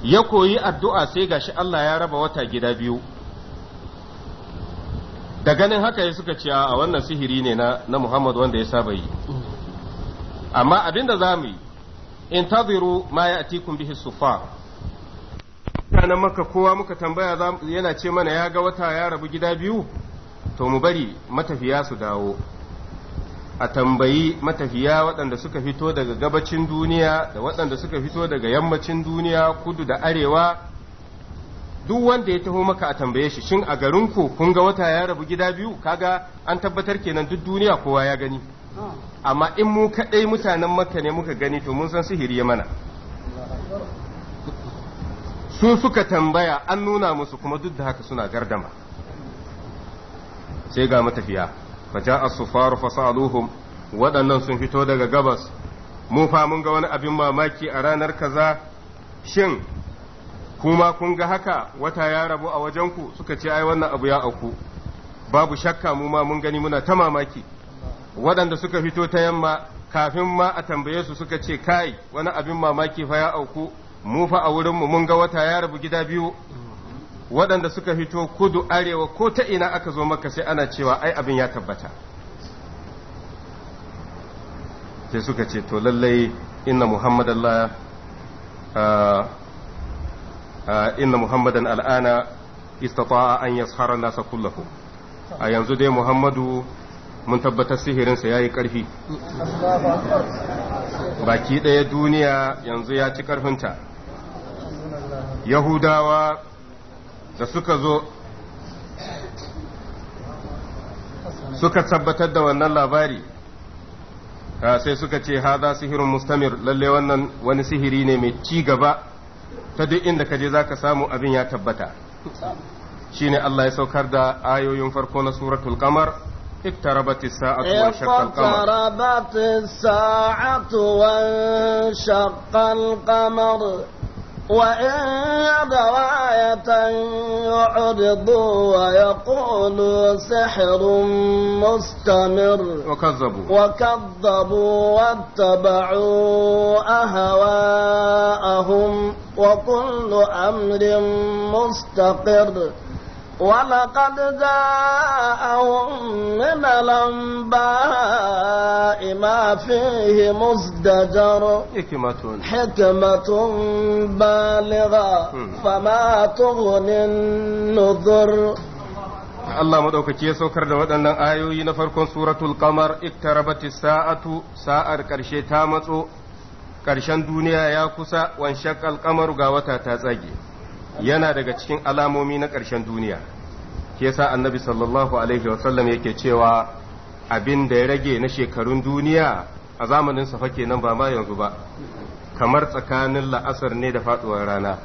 [SPEAKER 1] ya koyi addu'a sai gashi Allah ya raba wata gida biyu da ganin haka ya suka ce a wannan sihiri ne na, na Muhammad wanda ya saba yi amma abinda za mu yi in ma ya bihi sufa. mutanen maka kowa muka tambaya yana ce mana ya ga wata ya rabu gida biyu to mu bari matafiya su dawo a tambayi matafiya waɗanda suka fito daga gabacin duniya da waɗanda suka fito daga yammacin duniya kudu da arewa duk wanda ya taho maka a tambaye shi shin a garin ku kun ga wata ya rabu gida biyu kaga an tabbatar kenan duk duniya kowa ya gani ah. amma in mu kaɗai mutanen maka ne muka gani to mun san sihiri ya mana su suka tambaya an nuna musu kuma duk da haka suna gardama sai ga matafiya faja as-sufar sa'aluhum waɗannan sun fito daga gabas mu fa mun ga wani abin mamaki a ranar kaza shin kuma kun ga haka wata ya rabu a wajenku suka ce ai wannan abu ya auku babu shakka mu ma mun gani muna ta mamaki waɗanda suka fito ta yamma kafin ma a tambaye su suka ce kai wani abin mamaki fa ya auku mu fa a wurinmu mun ga wata ya rabu gida biyu waɗanda suka fito kudu arewa ko ta ina aka zo maka sai ana cewa ai abin ya tabbata sai suka ce to lallai inna muhammadan la inna muhammadan al'ana istata'a an yashara nasa kullahu a yanzu dai muhammadu mun tabbatar sihirinsa ya yi ƙarfi baki ɗaya duniya yanzu ya ci ƙarfinta yahudawa da suka zo suka tabbatar da wannan labari ah, sai suka ce haza sihirin mustamir lalle wannan wani sihiri ne mai ci gaba ta duk inda ka je za ka samu abin ya tabbata shine Allah ya saukar da ayoyin farko na suratul qamar اقتربت الساعة وانشق القمر
[SPEAKER 2] اقتربت الساعة وانشق القمر وإن يروا آية يعرضوا ويقولوا سحر مستمر وكذبوا وكذبوا واتبعوا أهواءهم وكل أمر مستقر ولقد جاءهم من الأنباء ما فيه مزدجر
[SPEAKER 1] حكمة
[SPEAKER 2] حكمة بالغة فما تغني
[SPEAKER 1] النذر Allah maɗaukaki ya saukar da waɗannan ayoyi na farkon suratul kamar iktarabati sa'atu sa'ar ƙarshe ta matso ƙarshen duniya ya kusa wanshakal kamaru ga wata ta tsage yana daga cikin alamomi na ƙarshen duniya ke sa annabi sallallahu alaihi wasallam yake cewa abin da ya rage na shekarun duniya a zamanin safa kenan ba ma yanzu ba kamar tsakanin la'asar ne da faduwar rana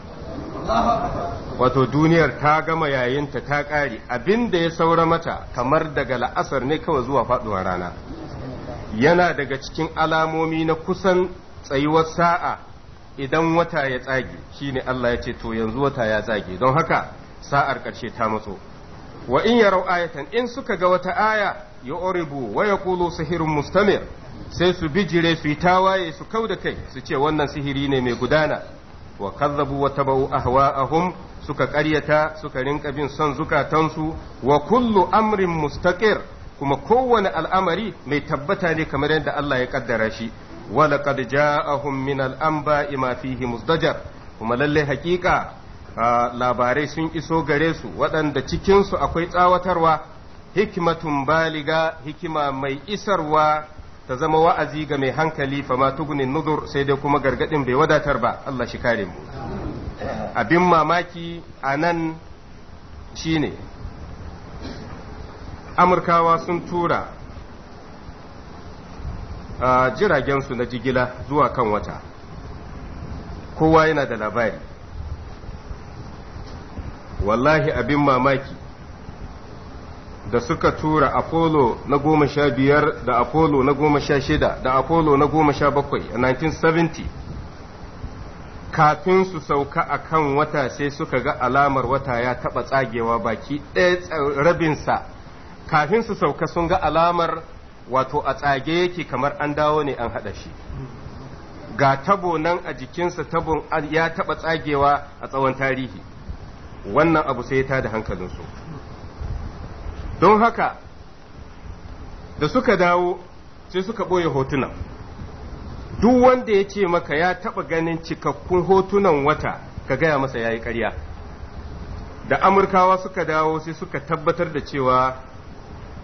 [SPEAKER 1] wato duniyar ta gama yayinta ta ƙare abin da ya saura mata kamar daga la'asar ne kawai zuwa faɗuwar rana yana daga cikin alamomi na kusan tsayuwar sa'a idan wata ya tsage shi ne Allah ya ce to yanzu wata ya tsage don haka sa'ar ƙarshe ta matso wa in yarau ayatan in suka ga wata aya ya oribu wa ya kulo sihirin mustamir sai su bijire su yi tawaye su kau da kai su ce wannan sihiri ne mai gudana wa kazzabu wa tabau ahwa'ahum suka ƙaryata suka rinka bin son zukatansu wa kullu amrin mustaqir kuma kowane al'amari mai tabbata ne kamar yadda Allah ya ƙaddara shi ولقد جاءهم من الأنباء ما فيه مزدجر kuma lallai hakika labarai sun iso gare su waɗanda cikinsu akwai tsawatarwa hikimatun baliga hikima mai isarwa ta zama wa'azi ga mai hankali ma tugunin nudur sai dai kuma gargaɗin bai wadatar ba Allah shi kare mu abin mamaki a nan shine amurkawa sun tura jiragensu na jigila zuwa kan wata kowa yana da labari wallahi abin mamaki da suka tura apollo na goma sha biyar da apollo na goma sha shida da apollo na goma sha bakwai a 1970 kafin su sauka a kan wata sai suka ga alamar wata ya taba tsagewa baki ɗaya rabinsa kafin su sauka sun ga alamar wato a tsage yake kamar an dawo ne an haɗa shi ga tabo nan a jikinsa tabon ya taɓa tsagewa a tsawon tarihi wannan abu sai ya tada hankalinsu don haka da suka dawo sai suka ɓoye hotunan duk wanda ya ce maka ya taɓa ganin cikakkun hotunan wata ka gaya masa ya yi ƙarya da amurkawa suka dawo sai suka tabbatar da cewa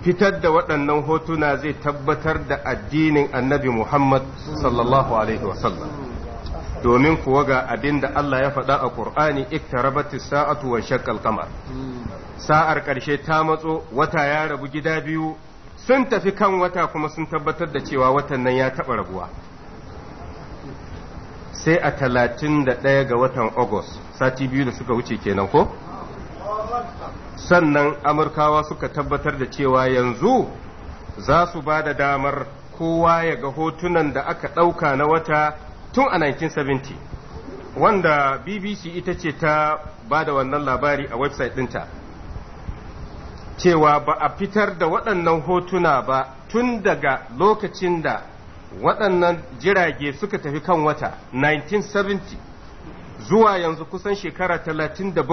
[SPEAKER 1] fitar da waɗannan hotuna zai tabbatar da addinin annabi Muhammad sallallahu Alaihi wasallam. Domin kuwa ga abin da Allah ya faɗa a Ƙur'ani iktarabatis sa'atu wa shakkal kamar. Sa'ar ƙarshe ta matso wata ya rabu gida biyu sun tafi kan wata kuma sun tabbatar da cewa watan nan ya taɓa rabuwa. Sai a talatin da ɗaya ga watan Agus sati biyu da suka wuce kenan ko? sannan amurkawa suka tabbatar da cewa yanzu za su ba da damar kowa ya ga hotunan da aka ɗauka na wata tun a 1970 wanda bbc ita ce ta ba da wannan labari a website ɗinta cewa ba a fitar da waɗannan hotuna ba tun daga lokacin da waɗannan jirage suka tafi kan wata 1970 zuwa yanzu kusan shekara 37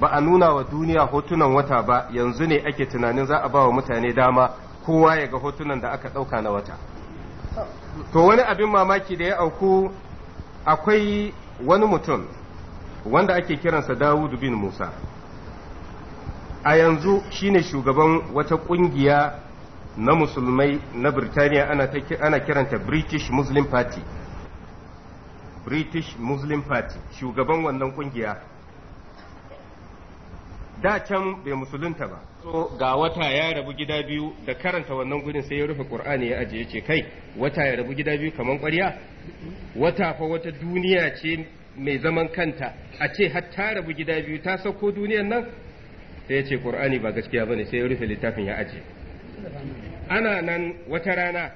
[SPEAKER 1] ba a nuna wa duniya hotunan wata ba yanzu ne ake tunanin za a ba wa mutane dama kowa ya ga hotunan da aka ɗauka na wata to wani abin mamaki da ya auku akwai wani mutum wanda ake kiransa dawudu bin musa a yanzu shine shugaban wata ƙungiya na musulmai na birtaniya ana kiranta british muslim party british muslim party shugaban wannan ƙungiya da can bai musulunta ba so ga wata ya rabu gida biyu da karanta wannan gudun sai ya rufe qur'ani ya ajiye ce kai wata ya rabu gida biyu kaman ƙwarya wata fa wata duniya ce mai zaman kanta a ce har ta rabu gida biyu ta sauko duniyar nan sai ya ce qur'ani ba gaskiya bane sai ya rufe littafin ya ajiye ana nan wata rana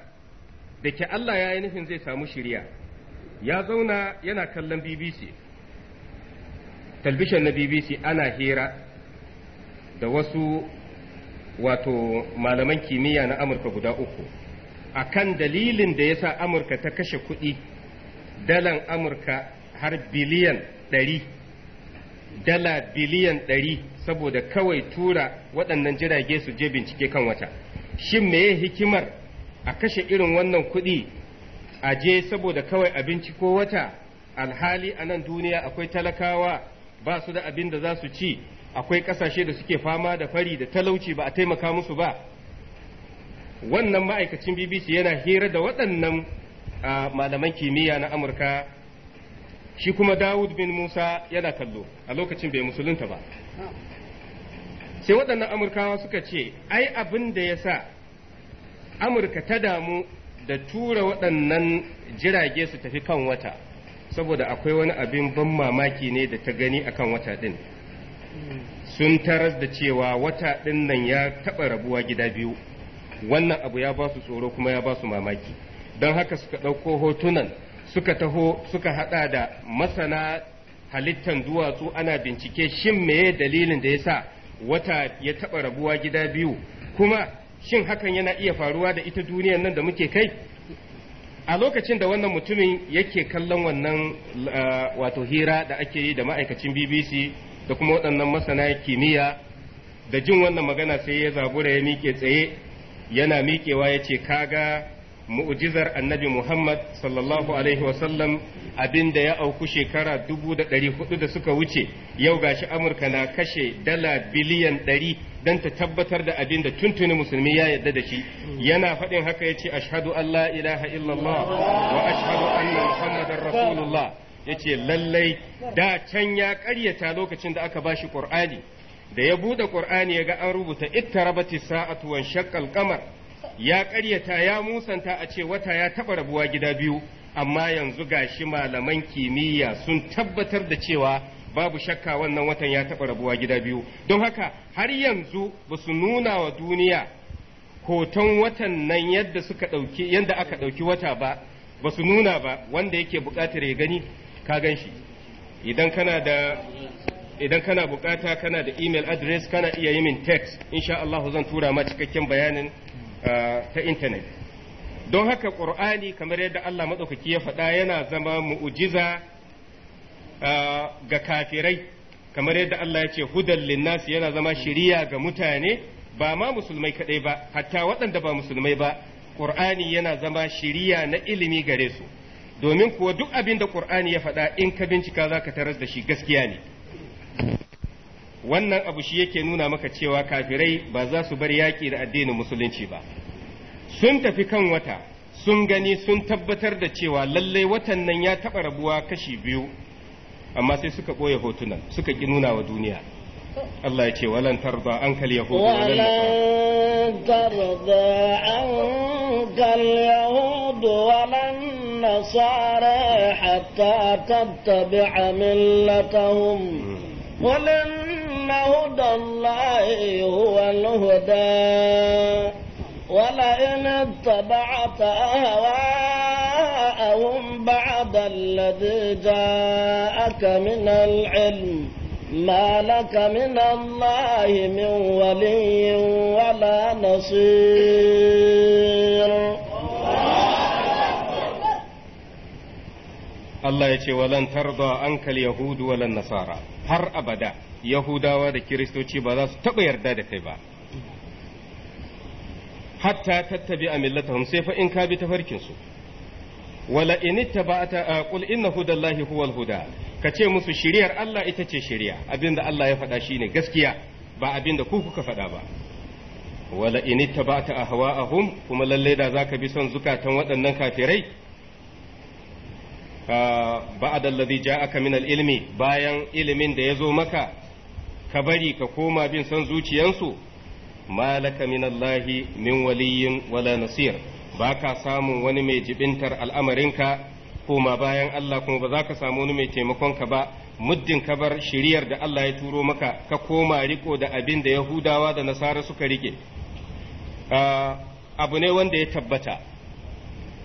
[SPEAKER 1] da ke Allah ya yi nufin zai samu shirya ya zauna yana kallon BBC talbishin na BBC ana hira da wasu wato malaman kimiyya na amurka guda uku a kan dalilin da ya sa amurka ta kashe kuɗi dalan amurka har biliyan ɗari dala biliyan ɗari saboda kawai tura waɗannan jirage su je bincike kan wata shin meye hikimar a kashe irin wannan kuɗi a je saboda kawai a ko wata alhali a nan duniya akwai talakawa ba su da abin da za su ci akwai ƙasashe da suke fama da fari da talauci ba a taimaka musu ba wannan ma'aikacin bbc yana hira da waɗannan malaman kimiyya na amurka shi kuma dawud bin musa yana kallo a lokacin bai musulunta ba sai waɗannan amurkawa suka ce ai abin da ya sa amurka ta damu da tura waɗannan jirage su tafi kan wata saboda akwai wani abin ban mamaki ne da ta gani akan wata ɗin sun taras da cewa wata ɗin ya taɓa rabuwa gida biyu wannan abu ya ba su tsoro kuma ya ba su mamaki don haka suka ɗauko hotunan suka taho suka haɗa da masana halittan duwatsu ana bincike shin meye dalilin da ya sa wata ya taɓa rabuwa gida biyu kuma shin hakan yana iya faruwa da ita duniyar nan da muke kai a lokacin da wannan mutumin yake kallon wannan eh, wato hira da ake yi da ma'aikacin bbc da kuma waɗannan masana kimiyya da jin wannan magana sai ya zagura ya miƙe tsaye yana miƙewa ya ce kaga mu'jizar annabi Muhammad sallallahu alaihi wasallam abinda ya auku shekara dubu da ɗari hudu da suka wuce yau gashi Amurka na kashe dala biliyan ɗari don ta tabbatar da abinda tuntuni musulmi ya yarda da shi yana faɗin haka ya ce ashadu an la ilaha illallah wa ashadu anna muhammadan rasulullah ya ce lallai da can ya ƙaryata lokacin da aka bashi ƙur'ani da ya buɗe ƙur'ani ya ga an rubuta rabati sa'atu wan shaqqal qamar ya ƙaryata ya musanta a ce wata ya taɓa rabuwa gida biyu amma yanzu gashi malaman kimiyya sun tabbatar da cewa babu shakka wannan watan ya taɓa rabuwa gida biyu don haka har yanzu ba su nuna wa duniya hoton watan nan yadda yadda aka ɗauki wata ba ba su nuna ba wanda yake buƙatar ya gani ka gan shi idan kana da idan kana bukata kana da email address kana iya yi min text insha Allah zan tura ma cikakken bayanin ah, ta internet don haka qur'ani kamar yadda Allah madaukaki ya faɗa yana zama mu'jiza ah, ga kafirai kamar yadda Allah ya ce hudan linnas yana zama shiriya ga mutane ba ma musulmai kadai ba hatta waɗanda ba musulmai ba qur'ani yana zama shiriya na ilimi gare su domin kuwa duk abin da ƙur'ani ya faɗa in ka bincika za ka taras da shi gaskiya ne. Wannan abu shi yake nuna maka cewa kafirai ba za su bar yaƙi da addinin musulunci ba. Sun tafi kan wata, sun gani sun tabbatar da cewa lallai watan nan ya taɓa rabuwa kashi biyu, amma sai suka ɓoye hotunan, suka ƙi nuna wa duniya. الله يجي ولن ترضى عنك اليهود
[SPEAKER 2] ولن ترضى عنك اليهود ولن النصارى حتى تتبع ملتهم ولن هدى الله هو الهدى ولئن اتبعت اهواءهم بعد الذي جاءك من العلم ما لك من الله من ولي ولا نصير
[SPEAKER 1] Allah ya ce walan tarda ankal yahudu walan nasara har abada yahudawa da kiristoci ba za su taɓa yarda da kai ba hatta tattabi a millatahum sai fa in ka bi tafarkinsu wala in ittaba'ata qul inna hudallahi huwal huda ka ce musu shiriyar Allah ita ce shiriya abinda Allah ya faɗa shine gaskiya ba abinda ku kuka faɗa ba wala in tabata ahwa'ahum kuma lalle da zaka bi son zukatan waɗannan kafirai ba'da alladhi ja'aka min al-ilmi bayan ilimin da yazo maka ka bari ka koma bin son zuciyansu malaka min Allahi min waliyyin wala nasir baka samun wani mai jibintar al'amarinka koma bayan Allah kuma ba za ka samu wani mai taimakon ka ba muddin ka bar shiriyar da Allah ya turo maka ka koma riko da abin da Yahudawa da Nasara suka rike ah, abu ne wanda ya tabbata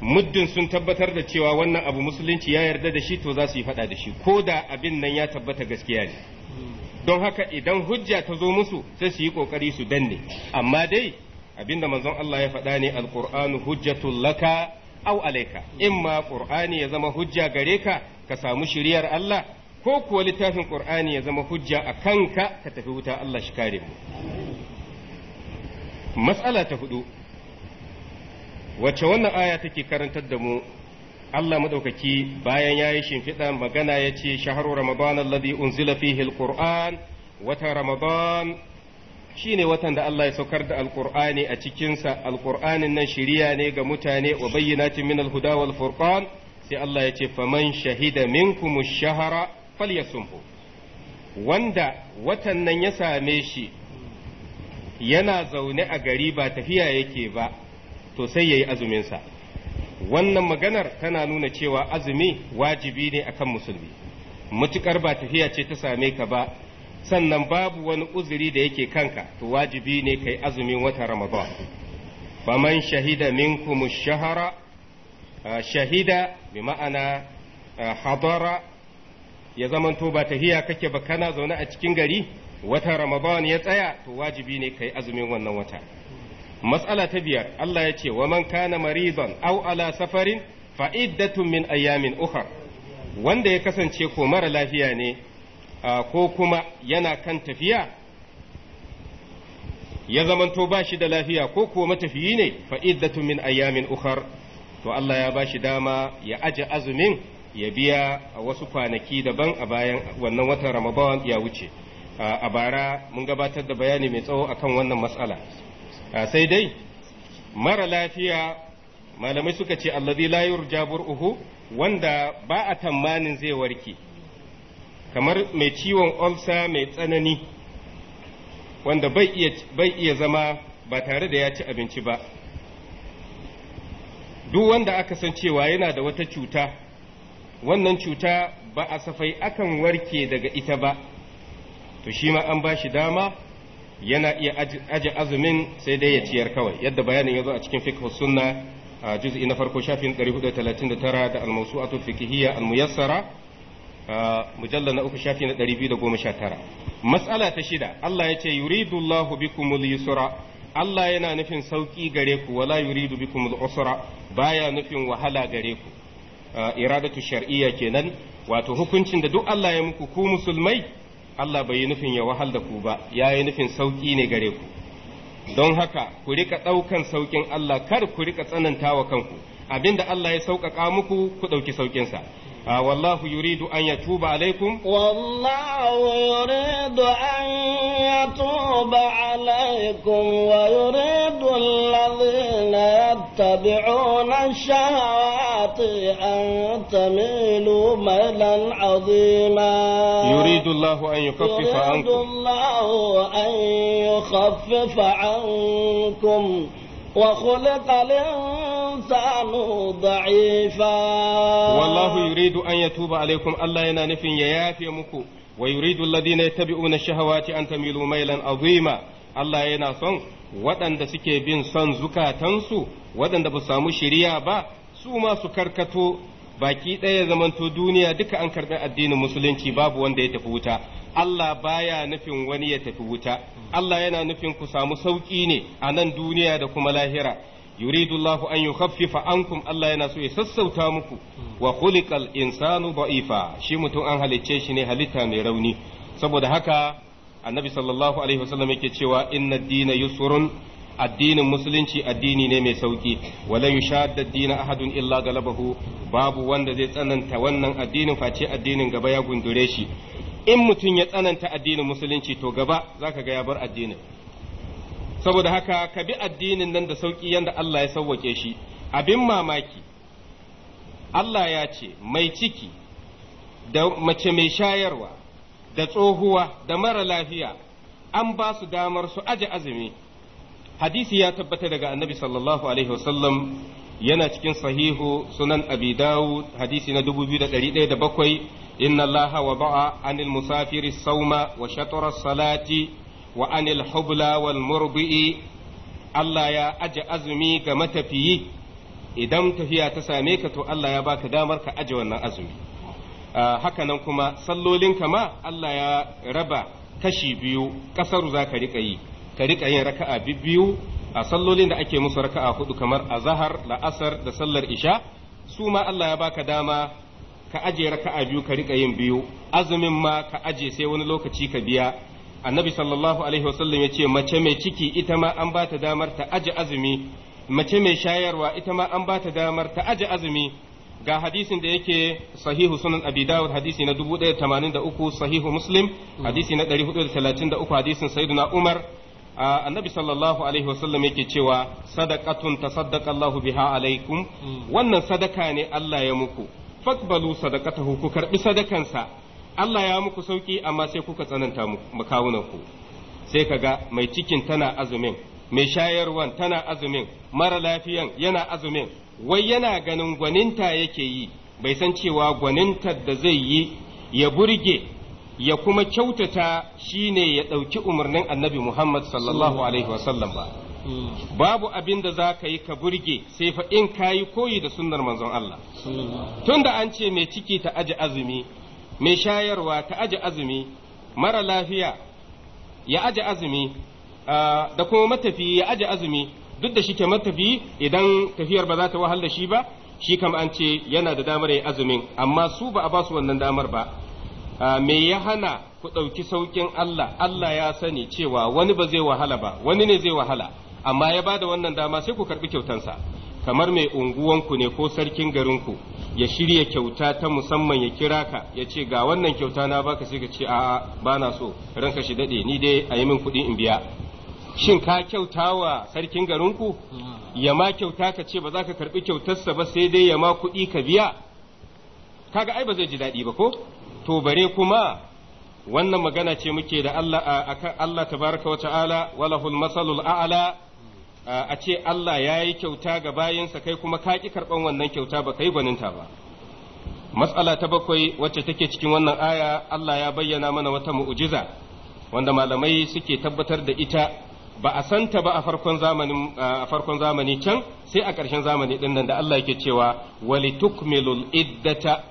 [SPEAKER 1] muddin sun tabbatar da cewa wannan abu musulunci ya yarda da shi to za su yi faɗa da shi ko da abin nan ya tabbata gaskiya ne don haka idan hujja ta zo musu sai su yi ƙoƙari su danne amma dai abinda manzon Allah ya faɗa ne alƙur'anu hujjatul laka au alaika in ma qur'ani ya zama hujja gare ka ka samu shiriyar Allah ko kuwa littafin qur'ani ya zama hujja a kanka ka tafi wuta Allah shi kare mu matsala ta hudu wacce wannan aya take karantar da mu Allah madaukaki bayan ya yi shimfiɗa magana ce shahru ramadan alladhi unzila fihi alquran wata ramadan Shi ne watan da Allah ya saukar da alkur'ani a cikinsa alkur'anin nan shiriya ne ga mutane wa bayyinatin min alhuda wal furqan sai Allah ya ce faman shahida minkum ash-shahra falyasumhu wanda watan nan ya same shi yana zaune a gari ba tafiya yake ba to sai yayi azumin sa wannan maganar tana nuna cewa azumi wajibi ne akan musulmi mutukar ba tafiya ce ta same ka ba sannan babu wani uzuri da yake kanka to wajibi ne kai azumin wata ramadan faman shahida minkum shahara shahida bi ma'ana hadara ya zamanto ba tahiya kake ba kana zaune a cikin gari wata ramadan ya tsaya to wajibi ne kai azumin wannan wata Matsala ta biyar Allah ya ce wa man kana maridan aw ala safarin fa min ayamin ukhra wanda ya kasance ko mara lafiya ne ko kuma yana kan tafiya ya zamanto ba shi da lafiya ko kuwa matafiyi ne fa'iddatu min ayyamin ukhar to Allah ya ba shi dama ya aji azumin ya biya a wasu kwanaki daban a bayan wannan watan Ramadan ya wuce a bara mun gabatar da bayani mai tsawo akan wannan matsala sai dai mara lafiya malamai suka ce allazi la yurja bur'uhu wanda ba a tamanin zai warke kamar mai ciwon olsa mai tsanani wanda bai iya zama ba tare da ya ci abinci ba duk wanda aka san cewa yana da wata cuta wannan cuta ba a safai akan warke daga ita ba to shi ma an ba shi dama yana iya aji azumin sai dai ya ciyar kawai yadda bayanin ya zo a cikin fiqh sunna a juz'i na farko shafin 439 da al-mawsu'atu fiqhiyya al-muyassara mujalla na uku shafi na ɗari biyu da goma sha tara matsala ta shida Allah ya ce yuridullahu bikumul yusra Allah yana nufin sauƙi gare ku wala yuridu bikumul usra baya nufin wahala gare ku iradatu shar'iyya kenan wato hukuncin da duk Allah ya muku ku musulmai Allah bai yi nufin ya wahal da ku ba ya yi nufin sauƙi ne gare ku don haka ku rika ɗaukan sauƙin Allah kar ku rika tsananta wa kanku abinda Allah ya sauƙaƙa muku ku ɗauki sauƙinsa آه، والله يريد أن يتوب عليكم والله يريد أن
[SPEAKER 2] يتوب عليكم ويريد الذين يتبعون الشهوات أن تميلوا ميلا عظيما يريد
[SPEAKER 1] الله أن يخفف عنكم يريد
[SPEAKER 2] الله أن يخفف عنكم وخلق الإنسان ضعيفا والله
[SPEAKER 1] يريد أن يتوب عليكم الله ينانف يافي مكو ويريد الذين يتبعون الشهوات أن تميلوا ميلا عظيما الله ينصن waɗanda suke bin son zukatansu waɗanda ba samu shiriya ba su ma su karkato baki ɗaya zamanto duniya duka an karɓi addinin musulunci babu wanda ya tafi wuta Allah baya nufin wani ya tafi wuta Allah yana nufin ku samu sauƙi ne a nan duniya da kuma lahira yuridullahu an yukhaffifa ankum Allah yana so ya sassauta muku wa khuliqal insanu ba'ifa shi mutum an halicce shi ne halitta mai rauni saboda haka annabi sallallahu alaihi wasallam yake cewa inna dina yusurun addinin musulunci addini ne mai sauki wala yushadda dina ahadun illa galabahu babu wanda zai tsananta wannan addinin face addinin gaba ya gundure shi in mutum ya tsananta addinin musulunci to gaba za ka ga ya bar addinin saboda haka ka bi addinin nan da sauƙi yadda Allah ya sauwake shi abin mamaki Allah ya ce mai ciki da mace mai shayarwa da tsohuwa da mara lafiya an ba su damar su aje azumi hadisi ya tabbata daga annabi sallallahu alaihi wasallam yana cikin sahihu sunan abi hadisi na 2107 inna allaha wa ba'a anil musafiri sauma wa shatara salati wa anil hubla wal murbi'i Allah ya aje azumi ga matafiyi idan tafiya ta same ka to Allah ya baka damar ka aje wannan azumi ah, haka nan kuma sallolinka ma Allah ya raba kashi biyu kasaru za ka riƙa yi ka riƙa yin raka'a biyu a sallolin da ake musu raka'a hudu kamar azahar la'asar da sallar isha su ma Allah ya baka dama ka aje raka'a biyu ka rika yin biyu azumin ma ka aje sai wani lokaci ka biya annabi sallallahu alaihi wasallam ya ce mace mai ciki ita ma an ba ta damar ta aje azumi mace mai shayarwa ita ma an ba ta damar ta aje azumi ga hadisin da yake sahihu sunan abi dawud hadisi na 1083 sahihu muslim hadisi na 433 hadisin sayyidina umar annabi sallallahu alaihi wasallam yake cewa sadaqatun tasaddaqa biha alaikum hmm. wannan sadaka ne Allah ya muku fakbalu sadaqatahu ku karbi sadakansa Allah ya muku sauki amma sai kuka tsananta makawunan ku sai kaga mai cikin tana azumin mai shayarwan tana azumin mara lafiyan yana azumin wai yana ganin gwaninta yake yi bai san cewa gwanintar da zai yi ya burge ya kuma kyautata shi ne ya ɗauki umarnin annabi Muhammad sallallahu alaihi wasallam ba. Babu abin da za ka yi ka burge sai fa in ka yi koyi da sunnar manzon Allah. Tunda an ce mai ciki ta aji azumi, mai shayarwa ta aji azumi, mara lafiya ya aji azumi, da kuma matafi ya aji azumi, duk da shi ke matafi idan tafiyar ba za ta wahal da shi ba, shi kam an ce yana da damar ya azumin, amma su ba a ba su wannan damar ba. Ah, me ya hana ku ɗauki sauƙin Allah Allah ya sani cewa wani ba zai wahala ba wani ne zai wahala amma ya ba da wannan dama sai ku karɓi kyautansa kamar mai unguwanku ne ko sarkin garinku ya shirya kyauta ta musamman ya kira ka ya ce ga wannan kyauta na baka sai ka ce a'a ba na so ranka shi daɗe ni dai a yi min kuɗi in biya shin ka kyauta wa sarkin garinku hmm. ya ma kyauta ka ce ba za ka karɓi kyautarsa ba sai dai ya ma kuɗi ka biya kaga ai ba zai ji daɗi ba ko to bare kuma wannan magana ce muke da Allah kan Allah tabaraka wata'ala walahul masalul a'la a ce Allah ya yi kyauta ga bayinsa kai kuma ka ƙi karɓan wannan kyauta ba kai gwaninta ba matsala ta bakwai wacce take cikin wannan aya Allah ya bayyana mana wata mu'ujiza wanda malamai suke tabbatar da ita ba a santa ba a farkon zamani a farkon zamani can sai a ƙarshen zamani din nan da Allah yake cewa walitukmilul iddata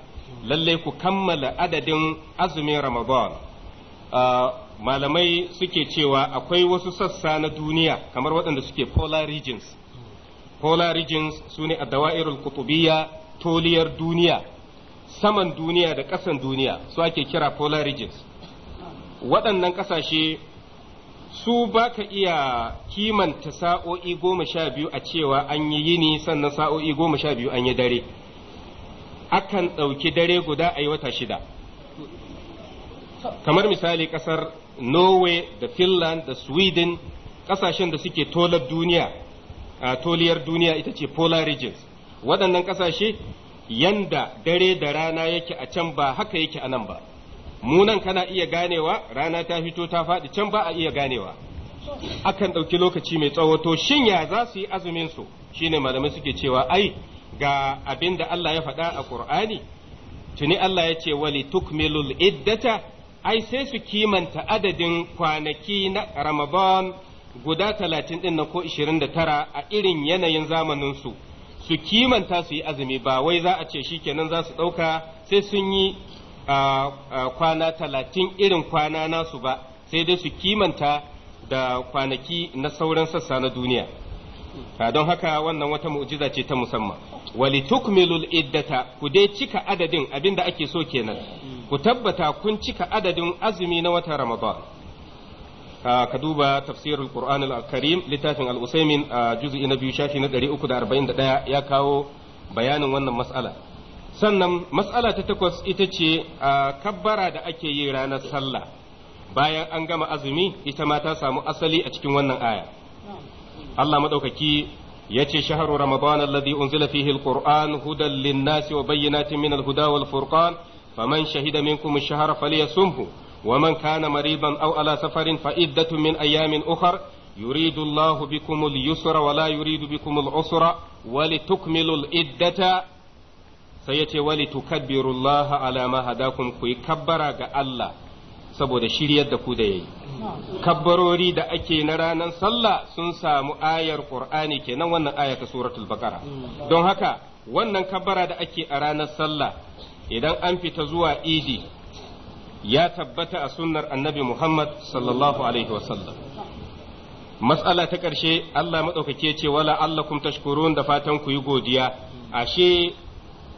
[SPEAKER 1] Lallai ku kammala adadin azumin Ramadan ah, malamai suke cewa akwai wasu sassa na duniya kamar waɗanda suke polar regions polar regions su ne a dawa'irul toliyar duniya saman duniya da ƙasan duniya su ake kira polar regions waɗannan ƙasashe su ba ka iya kimanta sa'o'i goma sha biyu a cewa an yi yini sannan sa'o'i goma sha biyu an yi dare akan ɗauki dare guda a yi wata shida kamar misali ƙasar norway da finland da sweden ƙasashen da suke tolar duniya a toliyar duniya ita ce polar regions waɗannan ƙasashe yanda dare da rana yake a can ba haka yake a nan ba munan kana iya ganewa rana ta fito ta faɗi can ba a iya ganewa akan ɗauki lokaci mai tsawo to shin ya za su yi azumin su shine malamai suke cewa ai ga abin da Allah ya faɗa a Ƙur'ani tuni Allah ya ce wali tukmilul iddata ai sai su kimanta adadin kwanaki na Ramadan guda talatin ɗin na ko ishirin da tara a irin yanayin zamaninsu su kimanta su yi azumi ba wai za a ce shi kenan za su ɗauka sai sun yi kwana talatin irin kwana nasu ba sai dai su kimanta da kwanaki na sauran sassa na duniya don haka wannan wata mu'jiza ce ta musamman wali tukmilul iddata ku dai cika adadin abin da ake so kenan ku tabbata kun cika adadin azumi na watan ramadan ka duba tafsirul qur'an al-karim littafin al-usaymin juz'i na biyu shafi na 341 ya kawo bayanin wannan mas'ala sannan mas'ala ta takwas ita ce kabbara da ake yi ranar sallah bayan an gama azumi ita ma ta samu asali a cikin wannan aya Allah madaukaki yace shahru ramadan alladhi unzila fihi alquran hudan lin-nasi wa bayyinatin min al-huda wal-furqan faman shahida minkum ash-shahra falyasumhu ومن كان مريضا أو على سفر فعدة من أيام أخر يريد الله بكم اليسر ولا يريد بكم العسر ولتكملوا العدة سيتي ولتكبروا الله على ما هداكم كي كبر الله saboda shiryar da ku da yayi kabbarori da ake na ranar sallah sun samu ayar qur'ani kenan wannan aya ta suratul baqara don haka wannan kabbara da ake a ranar sallah idan an fita zuwa idi ya tabbata a sunnar annabi muhammad sallallahu alaihi wasallam matsala ta ƙarshe allah maɗaukake ce wala allakum tashkurun da fatan ku yi godiya ashe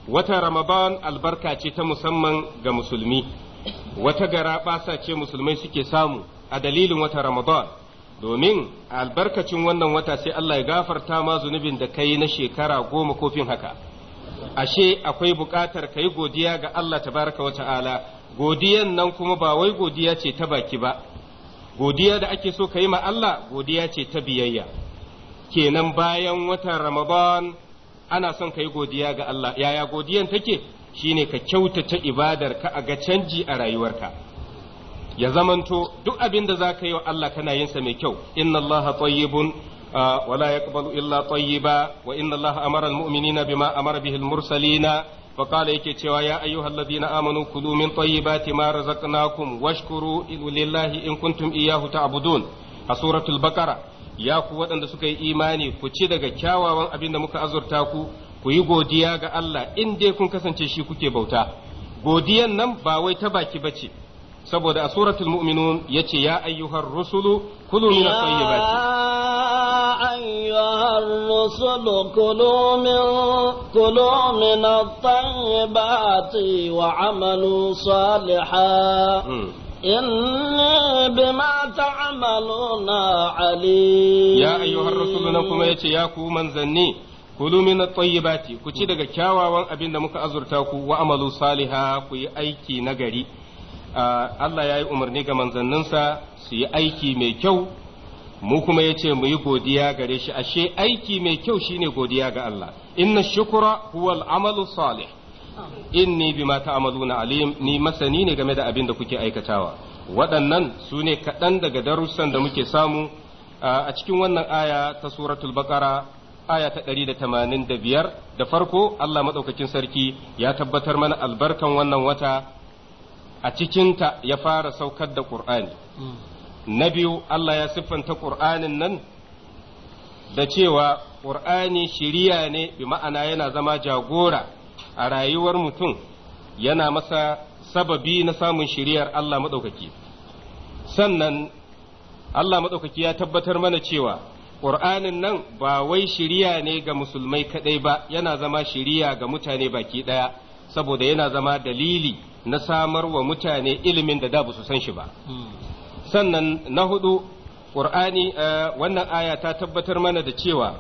[SPEAKER 1] wata ramadan albarka ce ta musamman ga musulmi wata gara sa ce musulmai suke samu a dalilin wata Ramadan domin albarkacin wannan wata sai Allah ya gafarta ma zunubin da kai na shekara goma kofin haka ashe akwai buƙatar ka yi godiya ga Allah tabaraka wa ta'ala godiyan nan kuma ba wai godiya ce ta baki ba godiya da ake so ka yi ma Allah godiya ce ta biyayya kenan bayan watan Ramadan ana son ka yi godiya ga Allah yaya godiyan take shine ka kyautata ibadar ka a ga canji a rayuwarka ya zamanto duk abin da zaka yi wa Allah kana yin sa mai kyau inna Allah tayyibun ولا يقبل إلا طيبا وإن الله أمر المؤمنين بما أمر به المرسلين فقال يكتشوا يا أيها الذين آمنوا كلوا من طيبات ما رزقناكم واشكروا لله ya ku waɗanda suka yi imani ku ci daga kyawawan abin da muka azurta ku ku yi godiya ga Allah in dai kun kasance shi kuke bauta godiyan nan ba wai ta baki bace saboda a suratul mu'minun yace ya ayyuhar rusulu kulu min at-tayyibati
[SPEAKER 2] ya ayyuhar rusulu kulu min kulu min at-tayyibati wa 'amalu salihan إني بما ta'maluna عليم يا أيها الرسول نكم يا
[SPEAKER 1] ya من ذني kulu min at-tayyibati ku ci daga kyawawan abin da muka azurta ku wa amalu saliha ku yi aiki gari. Ah, Allah ya yi umarni ga manzanninsa su yi aiki mai kyau mu kuma ya ce mu yi godiya gare shi ashe aiki mai kyau shine godiya ga Allah inna shukura huwa al-amalu salih inni bima ta'maluna alim ni masani ne game da abin da kuke aikatawa waɗannan su ne kaɗan daga darussan da muke samu ah, a cikin wannan aya ta suratul baqara aya ta ɗari da da da biyar farko Allah maɗaukakin sarki ya tabbatar mana albarkan wannan wata a cikinta ya fara saukar da Qur'ani mm. na biyu Allah ya siffanta Qur'anin nan da cewa Qur'ani shiriya ne bi ma'ana yana zama jagora a rayuwar mutum yana masa sababi na samun shiriyar Allah maɗaukaki sannan Allah maɗaukaki ya tabbatar mana cewa ƙur'anin nan ba wai shiriya ne ga musulmai kaɗai ba yana zama shiriya ga mutane baki ɗaya saboda yana zama dalili na samar wa mutane ilimin da da basu san shi ba sannan na hudu ƙur'ani eh, wannan aya ta tabbatar mana da cewa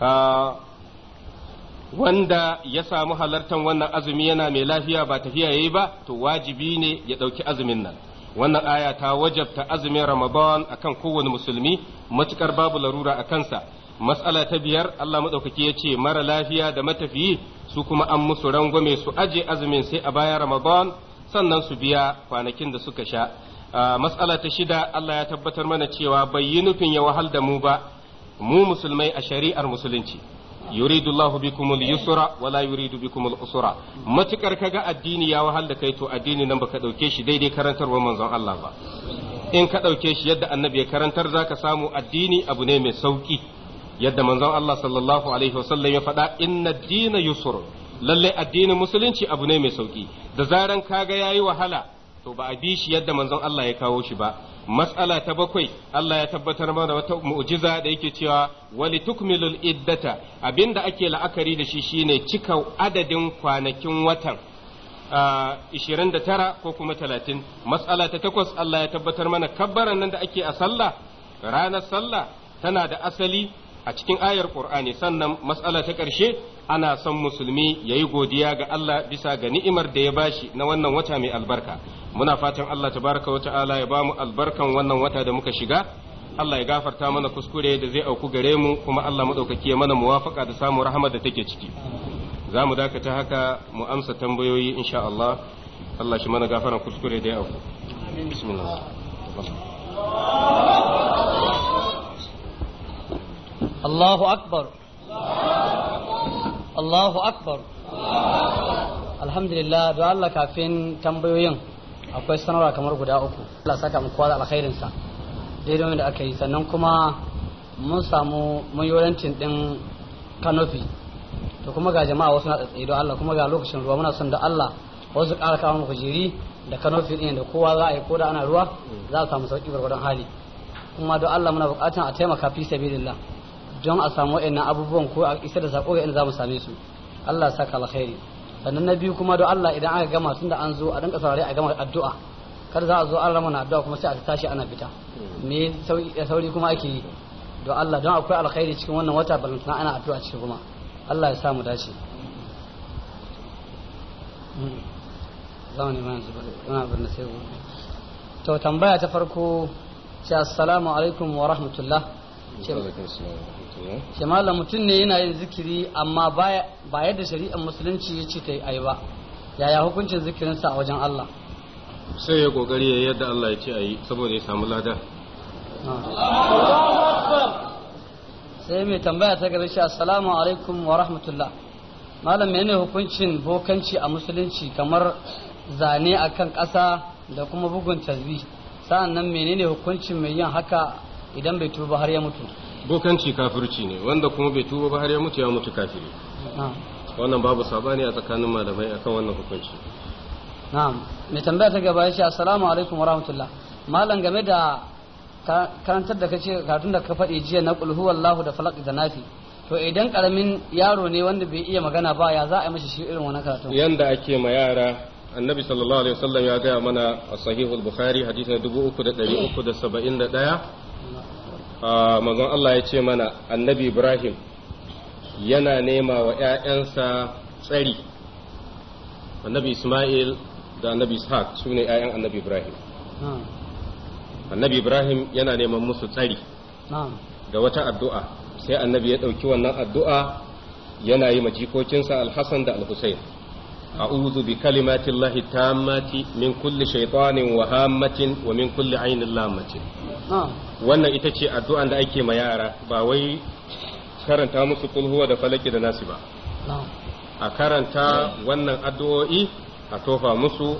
[SPEAKER 1] ah, wanda ya samu halartar wannan azumi yana mai lafiya ba tafiya yayi ba to wajibi ne ya ɗauki azumin nan wannan aya ta wajabta azumin ramadan akan kowane musulmi matukar babu larura a kansa matsala ta biyar Allah maɗaukaki ya ce mara lafiya da matafiyi su kuma an musu rangwame su aje azumin sai a bayan ramadan sannan su biya kwanakin da suka sha matsala ta shida Allah ya tabbatar mana cewa bai yi nufin ya wahal da mu ba mu musulmai a shari'ar musulunci Yuridullahu bikumul yusra wala yuridu bikumul usra matukar kaga addini ya wahal da kai to addini nan baka ɗauke shi daidai karantarwar manzon Allah ba in ka dauke shi yadda annabi ya karantar ka samu addini abu ne mai sauki yadda manzon Allah sallallahu alaihi wasallam ya faɗa inna dina yusr lallai addinin musulunci abu ne mai sauki da zaran kaga yi wahala to ba a bi shi yadda manzon Allah ya kawo shi ba matsala ta bakwai Allah ya tabbatar mana wata mu'jiza da yake cewa wali tukmilul iddata abinda ake la'akari da shi shine cika adadin kwanakin watan 29 ko kuma talatin mas'ala ta takwas Allah ya tabbatar mana kabbaran nan da ake a sallah ranar sallah tana da asali a cikin ayar Qur'ani sannan matsala ta ƙarshe ana son musulmi ya yi godiya ga Allah bisa ga ni'imar da ya bashi na wannan wata mai albarka muna fatan Allah Ta wa ta'ala ya bamu albarkan wannan wata da muka shiga Allah ya gafarta mana kuskure da zai auku gare mu kuma Allah madaukaki ya mana muwafaka da samu rahama da take ciki za mu dakata haka mu amsa tambayoyi insha Allah Allah shi mana gafaran kuskure da ya auku bismillah Allahu akbar
[SPEAKER 4] Allahu akbar alhamdulillah don Allah kafin tambayoyin akwai sanarwa kamar guda uku Allah saka mu kwada alkhairinsa daidai da aka yi sannan kuma mun samu mayorancin din kanofi to kuma ga jama'a wasu na tsatsaye don Allah kuma ga lokacin ruwa muna son da Allah wasu ƙara kawo muku jiri da kanofi din da kowa za a yi ko da ana ruwa za a samu sauki gwargwadon hali kuma don Allah muna buƙatar a taimaka fi sabilillah don a samu wa'annan abubuwan ko a isa da sako ga inda za mu same su Allah sa saka alkhairi sannan na biyu kuma don Allah idan aka gama tun da an zo a dinka saurare a gama addu'a kar za a zo an rama na addu'a kuma sai a tashi ana fita me sauri kuma ake yi don Allah don akwai alkhairi cikin wannan wata balantana ana addu'a cikin kuma Allah ya samu dace zaune mana yana birnin sai gobe to tambaya ta farko ce assalamu alaikum wa rahmatullah shi eh? malam mutum ne yana yin zikiri amma ba yadda shari'ar musulunci ya ce ta yi ai ba yaya hukuncin zikirinsa a wajen Allah
[SPEAKER 1] sai ya kokari ya yadda Allah ya ce a yi saboda ya samu lada
[SPEAKER 4] sai mai tambaya ta gari shi assalamu alaikum wa rahmatullah malam ne hukuncin bokanci a musulunci kamar zane a kan ƙasa da kuma bugun tasbi sa'an nan menene hukuncin mai yin haka idan bai tuba har ya mutu
[SPEAKER 1] bokanci kafirci ne wanda kuma bai tuba ba har ya mutu ya mutu kafiri wannan babu sabani a tsakanin malamai akan wannan hukunci
[SPEAKER 4] na'am mai tambaya ta gaba yace assalamu alaikum wa rahmatullah malam game da karantar da kace karatun da ka faɗi jiya na qul huwallahu da falaq da nafi to idan karamin yaro ne wanda bai iya magana ba ya za a yi mashi shi irin wannan karatun
[SPEAKER 1] yanda ake ma yara annabi sallallahu alaihi wasallam ya gaya mana a sahihul bukhari hadisi 3371 manzon Allah ya ce mana annabi Ibrahim yana nema wa ‘ya'yansa tsari annabi Ismail da annabi Ishaq su ne ‘ya'yan annabi Ibrahim annabi Ibrahim yana neman musu tsari da wata addu'a sai annabi ya ɗauki wannan addu'a yana yi majikokinsa alhassan da alhussein أعوذ بكلمات الله التامة من كل شيطان وهامة ومن كل عين لامة wannan ita ce addu'an da ake ma yara ba wai karanta musu kulhuwa da falaki da nasi ba a karanta wannan addu'o'i a tofa musu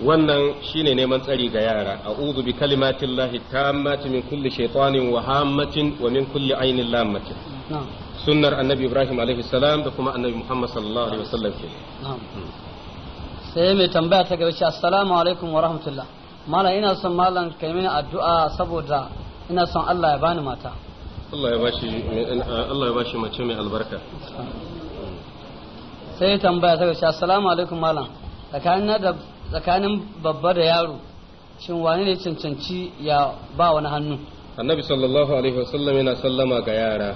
[SPEAKER 1] wannan shine neman tsari ga yara a a'udhu bi kalimatin lahi tammati min kulli shaytanin wa hammatin wa min kulli ainin lammatin sunnar annabi ibrahim alaihi salam da kuma annabi muhammad sallallahu alaihi wasallam ke
[SPEAKER 4] sai mai tambaya ta gaba assalamu alaikum wa rahmatullah malam ina son malam ka mini addu'a saboda ina son Allah ya bani mata
[SPEAKER 1] Allah ya bashi Allah ya bashi mace mai albarka
[SPEAKER 4] sai ya tambaya ta gaci assalamu alaikum malam tsakanin da tsakanin babba da yaro shin wani ne cancanci ya ba wani hannu
[SPEAKER 1] annabi sallallahu alaihi wasallam yana sallama ga yara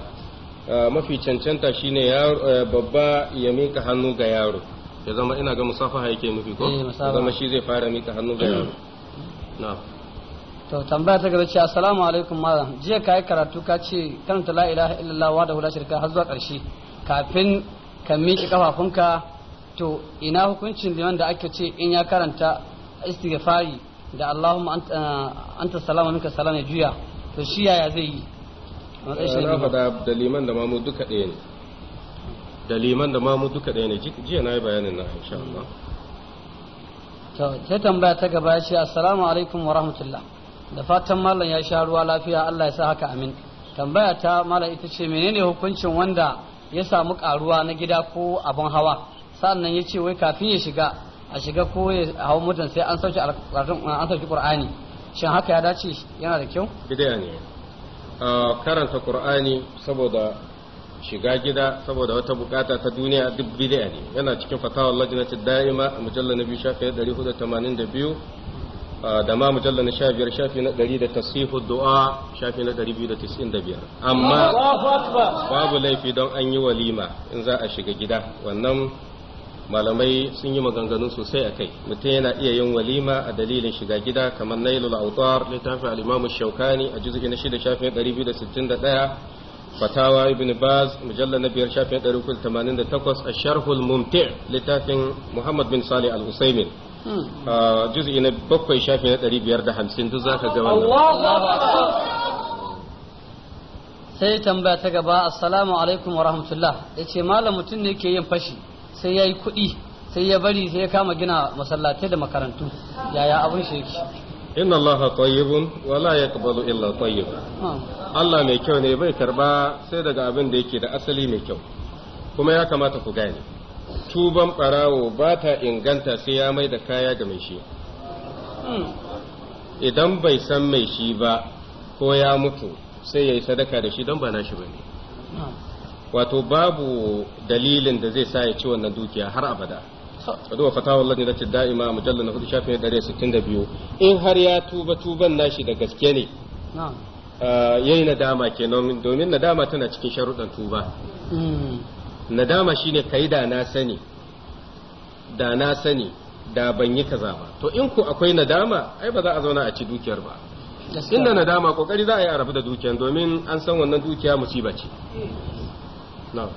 [SPEAKER 1] mafi cancanta shine babba ya mika hannu ga yaro ya zama ina ga musafaha yake nufi ko eh, ya zama shi zai fara mika hannu ga yaro
[SPEAKER 4] to tambaya ta gaba ce assalamu alaikum ma jiya ka yi karatu ka ce karanta la ilaha illallah wa da hula shirka har zuwa karshe kafin ka miƙe kafafunka to ina hukuncin liman da ake ce in ya karanta istighfari da Allahumma anta eh, salama minka salam ya juya to shi yaya zai yi
[SPEAKER 1] eh, da liman da mamu duka ɗaya ne da liman da mamu duka ɗaya ne jiya na yi bayanin na insha Allah
[SPEAKER 4] to sai tambaya ta gaba ya ce assalamu alaikum wa rahmatullah da fatan mallam ya sha ruwa lafiya Allah ya sa haka amin tambaya ta mallam ita ce menene hukuncin wanda ya samu karuwa na gida ko abin hawa sannan ya ce wai kafin ya shiga a shiga ko ya hau mutum sai an sauke an sauke qur'ani shin haka ya dace yana da
[SPEAKER 1] kyau bid'a ne ah, karanta qur'ani saboda shiga gida saboda wata bukata ta duniya duk bid'a ne yana cikin fatawar lajnati da'ima mujallal na biyu shafi 482 da ma mujallal na biyar shafi na 100 da tasihu du'a shafi na 295 amma
[SPEAKER 2] babu laifi
[SPEAKER 1] don an yi walima in za a shiga gida wannan malamai sun yi maganganu sosai a kai mutum yana iya yin walima a dalilin shiga gida kamar nailul autar littafin al-imam shaukani a juz'i na 6 shafi 261 fatawa ibn baz mujalla na biyar shafin ɗari uku tamanin da takwas a sharhul mumti littafin muhammad bin salih al usaimin hmm. juz'i na bakwai shafi na ɗari biyar da hamsin duk za ka ga wannan
[SPEAKER 4] sai tambaya ta
[SPEAKER 1] gaba assalamu alaikum
[SPEAKER 4] wa rahmatullah ya ce malam mutum ne ke yin fashi sai ya yi kuɗi sai ya bari sai ya kama gina masallatai da makarantu yaya abin shi yake
[SPEAKER 1] inna allaha tayyibun wa la yaqbalu illa tayyiba ah. Allah mai kyau ne bai karba sai daga abin da yake da asali mai kyau kuma ya kamata ku gane tuban barawo ba ta inganta sai ya mai da kaya ga mai shi hmm. idan bai san mai shi ba ko ya mutu sai ya yi sadaka da shi don ba nashi ba ne ah. wato babu dalilin da zai sa ya ci wannan dukiya har abada ka fatawar fatawa da da da'ima mujallal na hudu shafin 162 in har ya tuba tuban nashi da gaske ne ah, yayi nadama kenan domin nadama tana cikin sharuɗan tuba hmm. nadama shine kai da na sani da na sani da ban yi kaza ba to in ku akwai nadama ai ba za a zauna a ci dukiyar ba inda nadama kokari za a yi a rabu da dukiyar domin an san wannan dukiya musiba ce hmm. na'am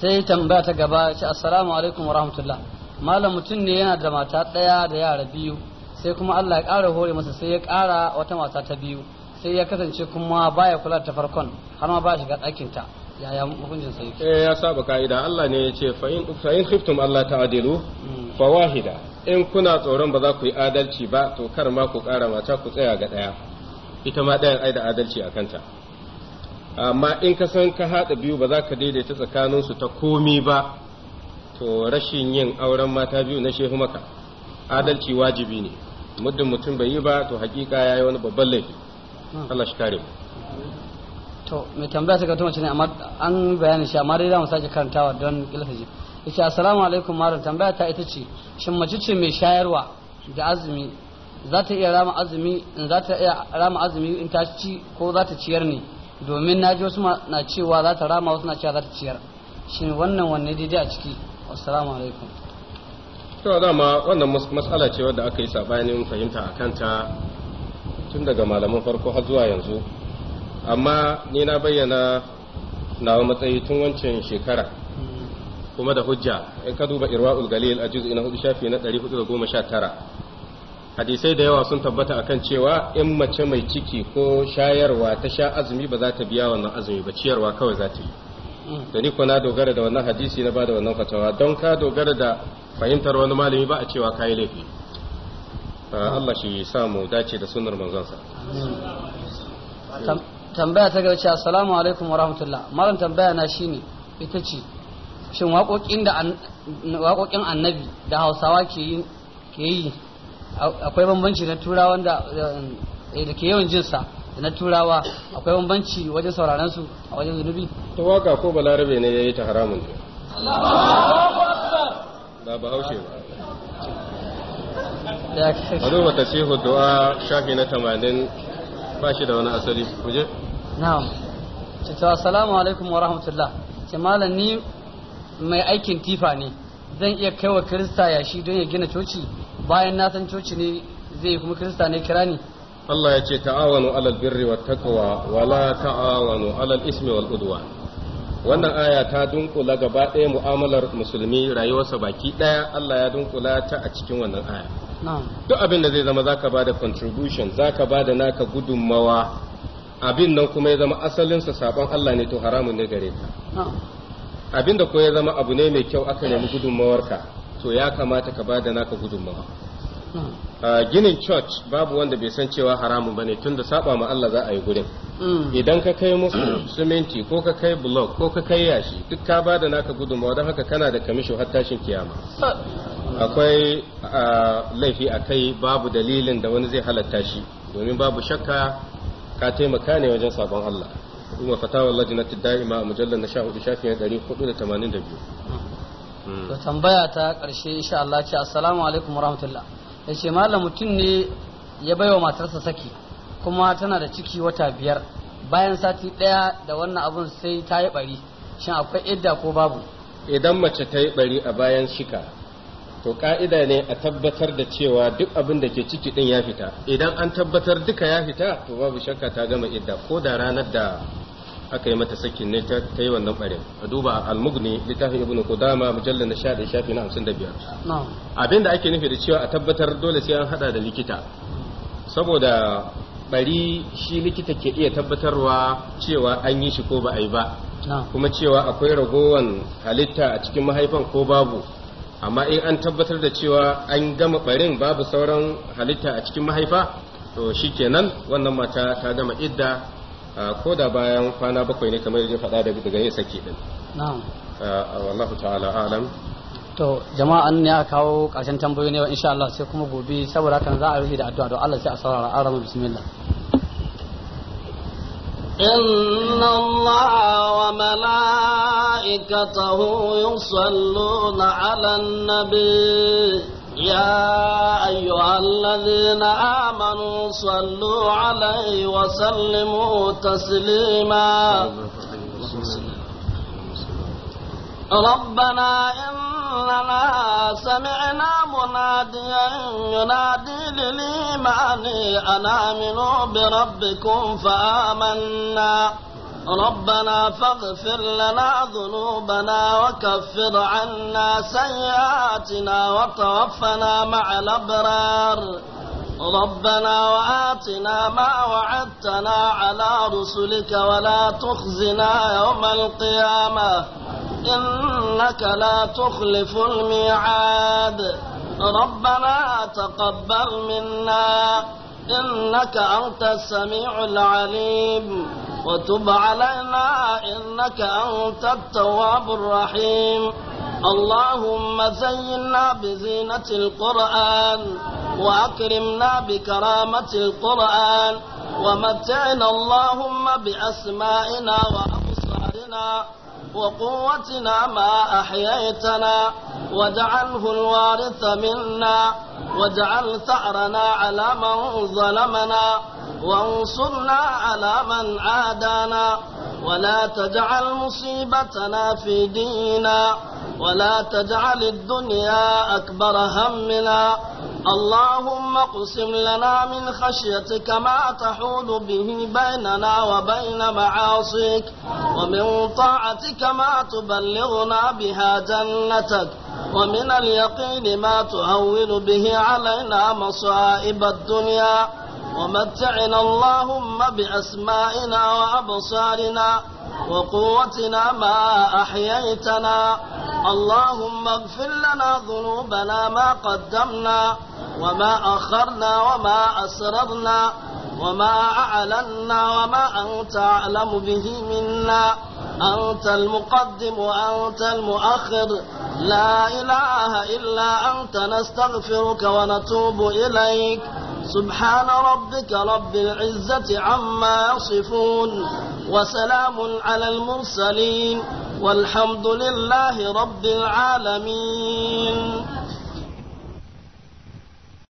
[SPEAKER 4] sai tambaya ta gaba ce assalamu alaikum wa rahmatullah malam mutum ne yana da mata ɗaya da yara biyu sai kuma Allah ya ƙara hore masa sai ya ƙara wata mata ta biyu sai ya kasance kuma baya kula ta farkon har ma ba shiga ɗakin ta yaya hukuncin sai
[SPEAKER 1] eh ya saba ka'ida Allah ne ya ce fa in fa in khiftum Allah ta'dilu hmm. fa wahida in kuna tsoron ba za ku yi adalci ba to kar ma ku ƙara mata ku tsaya ga ɗaya ita ma ɗayan ai da adalci a kanta amma in ka san ka haɗa biyu ba za ka daidaita tsakaninsu ta komi ba to rashin yin auren mata biyu na shehu maka adalci wajibi ne muddin mutum bai yi ba to hakika ya yi wani babban laifi Allah shi kare
[SPEAKER 4] to mai tambaya ta gata ne amma an bayani shi amma dai za mu sake karantawa don ji yace assalamu alaikum malam tambaya ta ita ce shin mace ce mai shayarwa da azumi za ta iya rama azumi in za ta iya rama azumi in ta ci ko za ta ciyar ne domin na ji wasu na cewa za ta rama wasu na cewa za ta ciyar shi wannan wanne daidai a ciki assalamu alaikum
[SPEAKER 1] to dama wannan matsala ce wadda aka yi sabanin fahimta a kanta tun daga malaman farko har zuwa yanzu amma ni na bayyana na matsayi tun wancan shekara hmm. kuma da hujja in ka duba irwa'ul galil a juz'i na hudu shafi na 419 hadisai da yawa sun tabbata akan cewa in mace mai ciki ko shayarwa ta sha azumi ba za ta biya wannan azumi ba ciyarwa kawai za ta yi da ni na dogara da wannan hadisi na bada wannan fatawa don ka dogara da fahimtar wani malami ba a cewa kayi laifi ah, Allah shi samu dace da sunnar manzonsa
[SPEAKER 4] tambaya ta gaci assalamu alaikum wa rahmatullah malam tambaya na shine ita ce shin waƙoƙin annabi da hausawa ke yi akwai bambanci na turawan eh, da ke yawan jinsa da na turawa akwai bambanci wajen sauraron su a wajen zunubi ta waka ko
[SPEAKER 1] balarabe ne ya yi ta haramun ne
[SPEAKER 3] ba ba haushe
[SPEAKER 4] ba a duba tasihu du'a
[SPEAKER 1] shafi na tamanin ba shi da wani asali kuje
[SPEAKER 4] na'am cewa assalamu alaikum wa rahmatullah ce malam ni mai aikin tifa ne zan iya kaiwa wa kirista yashi don ya gina coci bayan na san coci ne zai kuma kirista ne kira ne
[SPEAKER 1] Allah ya ce ta'awanu alal birri wa takwa wa la ta'awanu alal ismi wal udwa wannan aya ta dunkula gaba ɗaya mu'amalar musulmi rayuwarsa baki ɗaya Allah ya dunkula ta a cikin wannan aya duk abin da zai zama zaka bada contribution zaka bada naka gudunmawa abin nan kuma ya zama asalinsa sabon Allah ne to haramun ne gare ka abin da ko ya zama abu ne mai kyau aka nemi gudunmawarka to ya kamata ka bada naka gudunmawa
[SPEAKER 3] hmm.
[SPEAKER 1] ginin church babu wanda bai san cewa haramun bane tunda saba ma Allah za a yi gurin hmm. idan ka kai musu *clears throat* siminti ko ka kai blog ko ka kai yashi duk ka bada naka gudunmawa don haka kana da kamisho har tashin kiyama
[SPEAKER 3] ah.
[SPEAKER 1] akwai laifi a kai babu dalilin da wani zai halatta shi domin babu shakka ka taimaka ne wajen sabon Allah kuma fatawar lajinatu da'ima a mujallar na 14 shafin 482 Mm. to
[SPEAKER 4] tambaya ta karshe insha Allah ce assalamu alaikum warahmatullah yace malam mutum ne ya baiwa matarsa saki kuma tana da ciki wata biyar bayan sati ɗaya da wannan abun sai ta yi bari
[SPEAKER 1] shin akwai idda ko babu idan mace ta yi bari a bayan shika to ka'ida ne a tabbatar da cewa duk abin da ke ciki din ya fita idan an tabbatar duka ya fita to babu shakka ta gama idda ko da ranar da aka yi mata sakin ne ta yi wannan barin a duba al-mughni littafin ibn Kudama mujallar na 11 shafi na hamsin da biyar. abinda ake nufi da cewa a tabbatar dole sai an haɗa da likita saboda bari shi likita ke iya tabbatarwa cewa an yi shi ko ba a yi ba kuma cewa akwai ragowar halitta a cikin mahaifan ko babu amma in an tabbatar da cewa an gama barin babu sauran halitta a cikin mahaifa to shi shikenan wannan mata ta gama idda ko da bayan kwana bakwai ne kamar yadda faɗa daga yin saki din na'am wallahu ta'ala alam
[SPEAKER 4] to jama'a an ya kawo ƙarshen tambayoyi ne insha Allah sai kuma gobe saboda kan za a rufe da addu'a don Allah sai a saurara aramu bismillah
[SPEAKER 2] إن الله وملائكته يصلون على النبي يا أيها الذين آمنوا صلوا عليه وسلموا تسليما ربنا إننا سمعنا مناديا ينادي للإيمان أن آمنوا بربكم فآمنا ربنا فاغفر لنا ذنوبنا وكفر عنا سيئاتنا وتوفنا مع الأبرار ربنا وآتنا ما وعدتنا على رسلك ولا تخزنا يوم القيامة إنك لا تخلف الميعاد ربنا تقبل منا إنك أنت السميع العليم وتب علينا إنك أنت التواب الرحيم اللهم زينا بزينة القرآن وأكرمنا بكرامة القرآن ومتعنا اللهم بأسمائنا وأبصارنا وقوتنا ما أحييتنا واجعله الوارث منا واجعل ثأرنا على من ظلمنا وانصرنا على من عادانا ولا تجعل مصيبتنا في ديننا ولا تجعل الدنيا أكبر همنا اللهم اقسم لنا من خشيتك ما تحول به بيننا وبين معاصيك ومن طاعتك ما تبلغنا بها جنتك ومن اليقين ما تهون به علينا مصائب الدنيا ومتعنا اللهم بأسمائنا وأبصارنا وقوتنا ما أحييتنا اللهم اغفر لنا ذنوبنا ما قدمنا وما أخرنا وما أسررنا وما أعلنا وما أنت أعلم به منا أنت المقدم وأنت المؤخر لا إله إلا أنت نستغفرك ونتوب إليك سبحان ربك رب العزة عما يصفون وسلام على المرسلين
[SPEAKER 3] والحمد لله رب العالمين